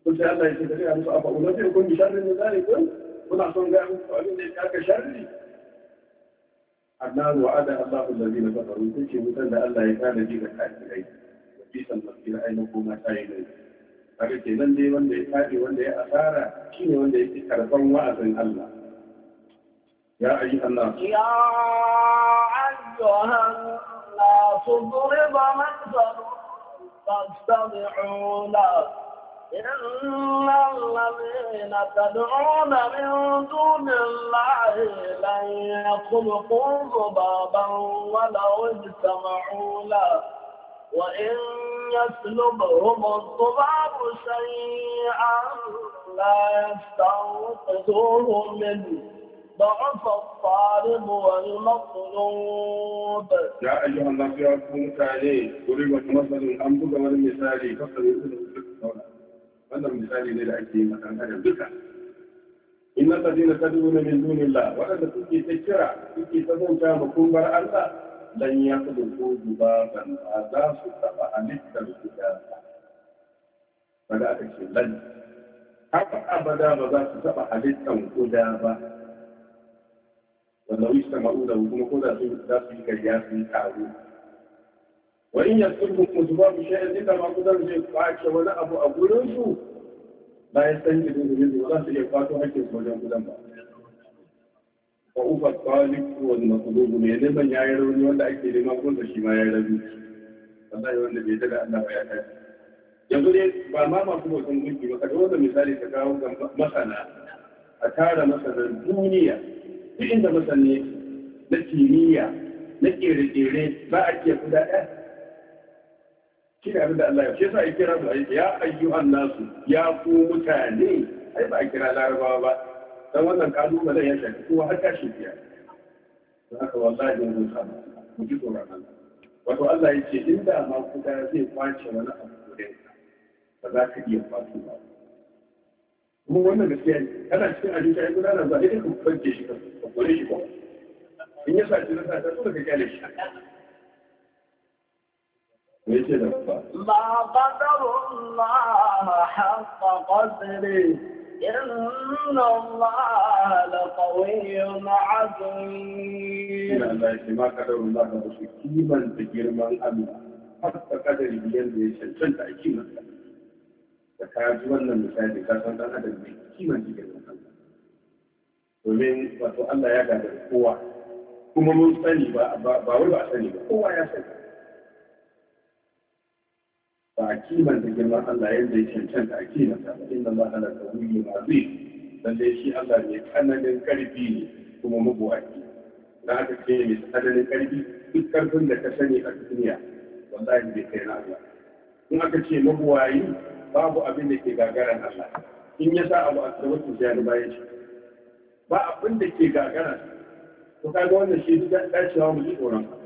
kun sai Allah ya ce da ya musu afa ulama kun bi sharri ne zalikum kuna son ga muku abin da ya kaka sharri annan wa'ada Allahu allazina kafaru tace mutan da Allah ya kana ji ga kafirai fi sallatil aina ko ma tayi ne kaga kenan dai wanda ya kafi wanda ya asara shine wanda yake karban wa'azin Allah ya ayi Allah ya ayyuhan la tudriba mathalu fastami'u lahu إن الذين تدعون من دون الله لن يخلقوا ذبابا ولو اجتمعوا له وإن يسلبهم الضباب شيئا لا يستنقذوه منه ضعف الطالب والمطلوب يا أيها الذين آمنوا قريبا مثل الأنبوذ والمثال فقد يسلبوا wannan misali ne da ake yin a kankanin duka innan ta zina ta duna min waɗanda suke ta kira suke ta zanta makumbar allah lan ya kudu ko duba ban ba za su taɓa alittar su ya ba wanda aka ce lan haka abada ba za su taɓa alittar ko da ba wanda wista ma'uda kuma ko za su yi karya su yi karuwa wa in yasirku kuzbabu shay'an duka ma kudar zai kwace wani abu a gurinsu? su bayan san ki dole ne ba su iya kwato hakkin su wajen gudan ba wa ufa talib wa maqlub ne ne ban yayi rauni wanda ake nema neman da shi ma ya yi rauni Ba za a yi wanda bai daga Allah ba ya kai yanzu ne ba ma masu bautan gunki ba Ka wannan misali ka kawo ga masana a tara masana duniya duk inda masani na kimiyya na kere-kere ba a ke guda ɗaya shi abin da Allah ya ce sai kira da ya ayyuhan nasu ya ku mutane ai ba a kira larabawa ba dan wannan kalubalen ya shafi kowa har shi biya dan haka wallahi mun samu mu ji tsoron Allah wato Allah ya ce inda ma kuda zai kwace wani abu da gurin ba za ka iya kwace ba kuma wannan gaskiya ne kana cikin abinci ai guda nan ba idan ka kwace shi ka kwace shi ba in ya sa ji na sa ta so ka kyale shi ما قدر الله حق قدره إن الله لقوي عظيم إن الله ما قدر الله حق كيما تجير من أمنا حق قدر بيان ديشان شنطا كيما تكاجوا أن المساعدة كاسان تنقدر بيان كيما تجير من أمنا ومن وطو الله يقدر قوة كما من سنبا باولو يا ba a kimanta girman Allah yadda ya cancanta a kimanta inda ma ana tsawiyi ba zai lallai shi Allah ne tsananin karfi ne kuma mabuwaki da aka ce mai tsananin karfi duk karfin da ka sani a duniya wallahi bai kai na Allah in aka ce mabuwayi babu abin da ke gagaran Allah in ya sa abu a gaba to ya bayan shi ba abin da ke gagara ku kaga wannan shi duk dacewa mu ji tsoron Allah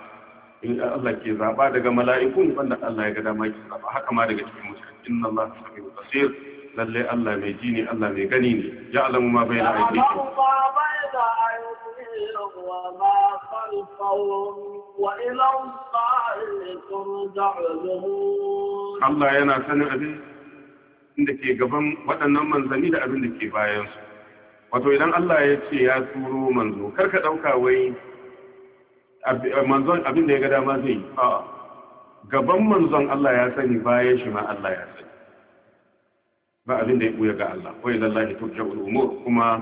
in Allah ke zaba daga mala'ikun wanda Allah ya ga dama ke zaba haka ma daga cikin mutane inna Allah sabiru basir lalle Allah mai ji ne Allah mai gani ne ya alamu ma bai na aiki Allah yana sanin abin da ke gaban waɗannan manzanni da abin da ke bayansu wato idan Allah ya ce ya turo manzo karka ɗauka wai Eh, manzon abin da ya ga dama zai yi a gaban manzon Allah ya sani bayan shi ma Allah ya sani ba abin da ya buya ga Allah wai lallahi turja'ul umur kuma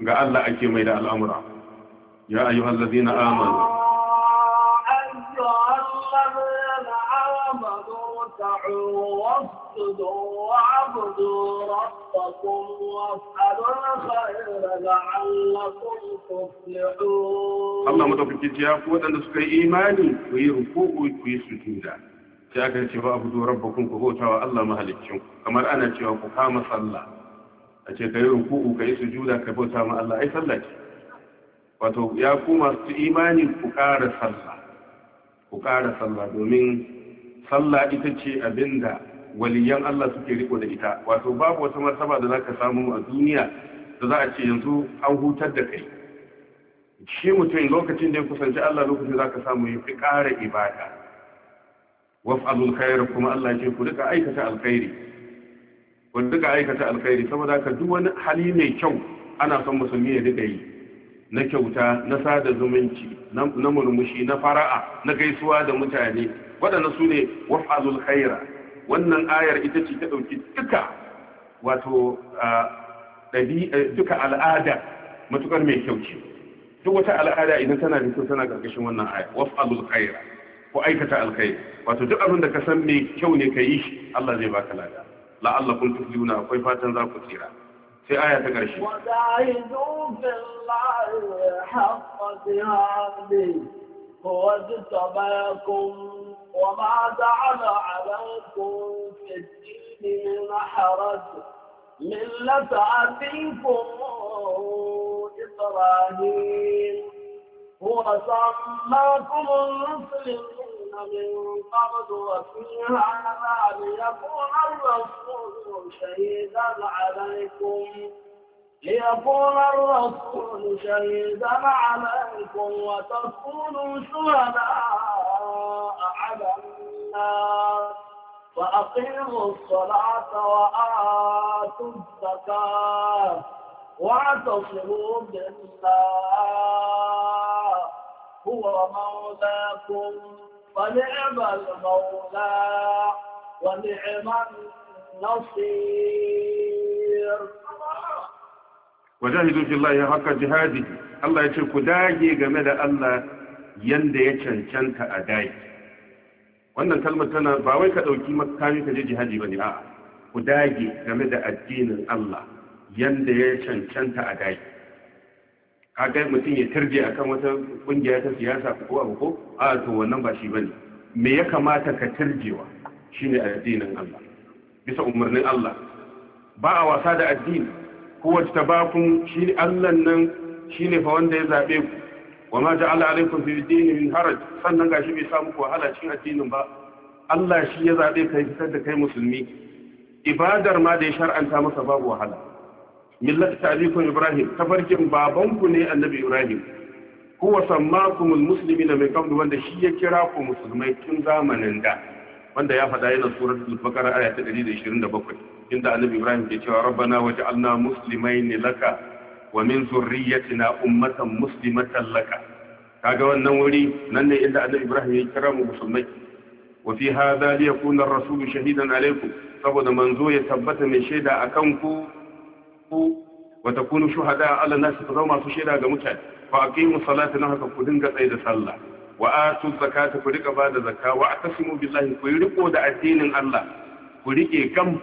ga Allah ake mai da al'amura ya ayyuhallazina amanu واركعوا واسجدوا واعبدوا ربكم وافعلوا الخير لعلكم تفلحون الله مدوكي يا فودان da suka yi imani ku yi ruku'u ku yi sujuda sai aka ce ba abudu rabbakum ku bautawa Allah mahaliccin kamar ana cewa ku kama sallah a ce ka yi ka yi su juda ka bauta ma Allah ai sallah ce wato ya kuma su imani ku ƙara sallah ku ƙara sallah domin sallah ita ce abin da waliyan Allah suke riko da ita wato babu wata martaba da zaka samu a duniya da za a ce yanzu an hutar da kai shi mutum lokacin da ya kusanci Allah lokacin zaka samu yi ƙara ibada waf'alul khair kuma Allah ce ku duka aikata alkhairi ku duka aikata alkhairi saboda ka duk wani hali mai kyau ana son musulmi ya duka yi na kyauta na sada zumunci na murmushi na fara'a na gaisuwa da mutane waɗanda su ne waf'alul khaira wannan ayar ita ce ta ɗauki duka wato eh, duka al'ada matukar mai ce. duk wata al'ada idan tana da tana ƙarƙashin wannan ayar waf'alul khaira ko aikata alkhairi wato duk abin da ka san mai kyau ne ka yi shi Allah zai baka lada la'allakum tuflihuna akwai fatan za ku tsira في آية تقرشي وتعيدوا في الله حق جهاده هو اجتباكم وما جعل عليكم في الدين من حرج ملة أبيكم إبراهيم هو سماكم المسلمين من ليكون الرسول شهيدا عليكم ليكون الرسول شهيدا عليكم وتكونوا شهداء على الناس فأقيموا الصلاة وآتوا الزكاة واعتصموا بالله هو مولاكم ونعم المولى ونعم النصير وجاهدوا في الله حق جهاده الله ya ce ku dage game da Allah yanda ya cancanta a dage wannan kalmar tana ba wai ka dauki makami ka je jihadi bane a'a ku dage game da addinin Allah yanda ya cancanta a dage kaga mutum ya tarje akan wata kungiya ta siyasa ko abu ko a to wannan ba shi bane me ya kamata ka tarjewa shine addinin Allah bisa umarnin Allah ba a wasa da addini ko wacce tabakun shi Allah nan shine fa wanda ya zabe ku wa ma ja'ala alaikum fi dini min haraj sannan gashi bai samu ku wahala cikin addinin ba Allah shi ya zabe kai fitar da kai musulmi ibadar ma da ya shar'anta masa babu wahala millat ta'abikum ibrahim tafarkin babanku ne annabi ibrahim huwa sammakumul muslimina min qabl wanda shi ya kira ku musulmai tun zamanin da wanda ya faɗa yana suratul baqara aya ta 127 inda annabi ibrahim ke cewa rabbana waj'alna muslimaini laka wa min zurriyyatina ummatan muslimatan laka kaga wannan wuri nan ne inda annabi ibrahim ya kira mu musulmai wa fi hadha liyakuna ar-rasulu shahidan alaykum saboda manzo ya tabbata mai shaida akan ku wa takunu shuhada ala nas ku zama su shaida ga mutane fa aqimu salata nahaka ku dinga tsaye da sallah wa atu zakata ku rika bada zakka wa atasimu billahi ku riko da addinin Allah ku rike kam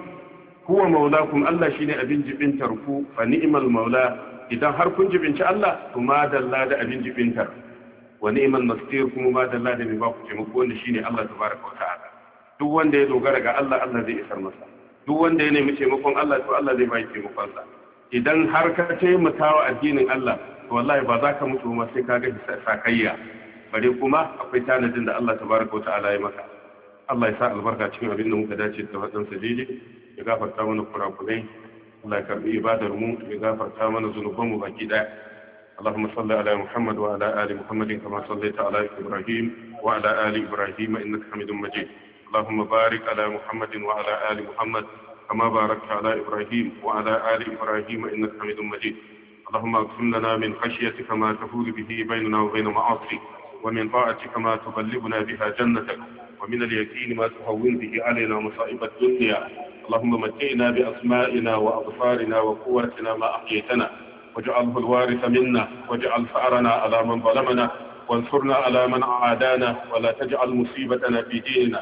huwa maulakum Allah shine abin jibintar ku fa ni'mal maula idan har kun jibinci Allah to ma dalla da abin jibintar wa ni'mal nasir kuma ma dalla da mai ba ku taimako wanda shine Allah tabaraka wa ta'ala duk wanda ya dogara ga Allah Allah zai isar masa duk wanda ya nemi taimakon Allah to Allah zai bai taimakon sa idan har ka taimaka wa addinin Allah to wallahi ba za ka mutu ma sai ka ga sakayya bare kuma akwai tanadin da Allah tabaraka ta'ala ya maka Allah ya sa albarka cikin abin da muka dace da fadan sa daidai ya gafarta mana kurakurai Allah ya karbi ibadar mu ya gafarta mana zunuban mu baki daya اللهم صل على محمد وعلى آل محمد كما صليت على إبراهيم وعلى آل إبراهيم إنك حميد مجيد اللهم بارك على محمد وعلى آل محمد كما باركت على إبراهيم وعلى آل إبراهيم إنك حميد مجيد اللهم اقسم لنا من خشيتك ما تفوز به بيننا وبين معاصيك ومن طاعتك ما تبلغنا بها جنتك ومن اليقين ما تهون به علينا مصائب الدنيا اللهم متعنا بأسمائنا وأبصارنا وقوتنا ما أحييتنا واجعله الوارث منا واجعل ثأرنا على من ظلمنا وانصرنا على من عادانا ولا تجعل مصيبتنا في ديننا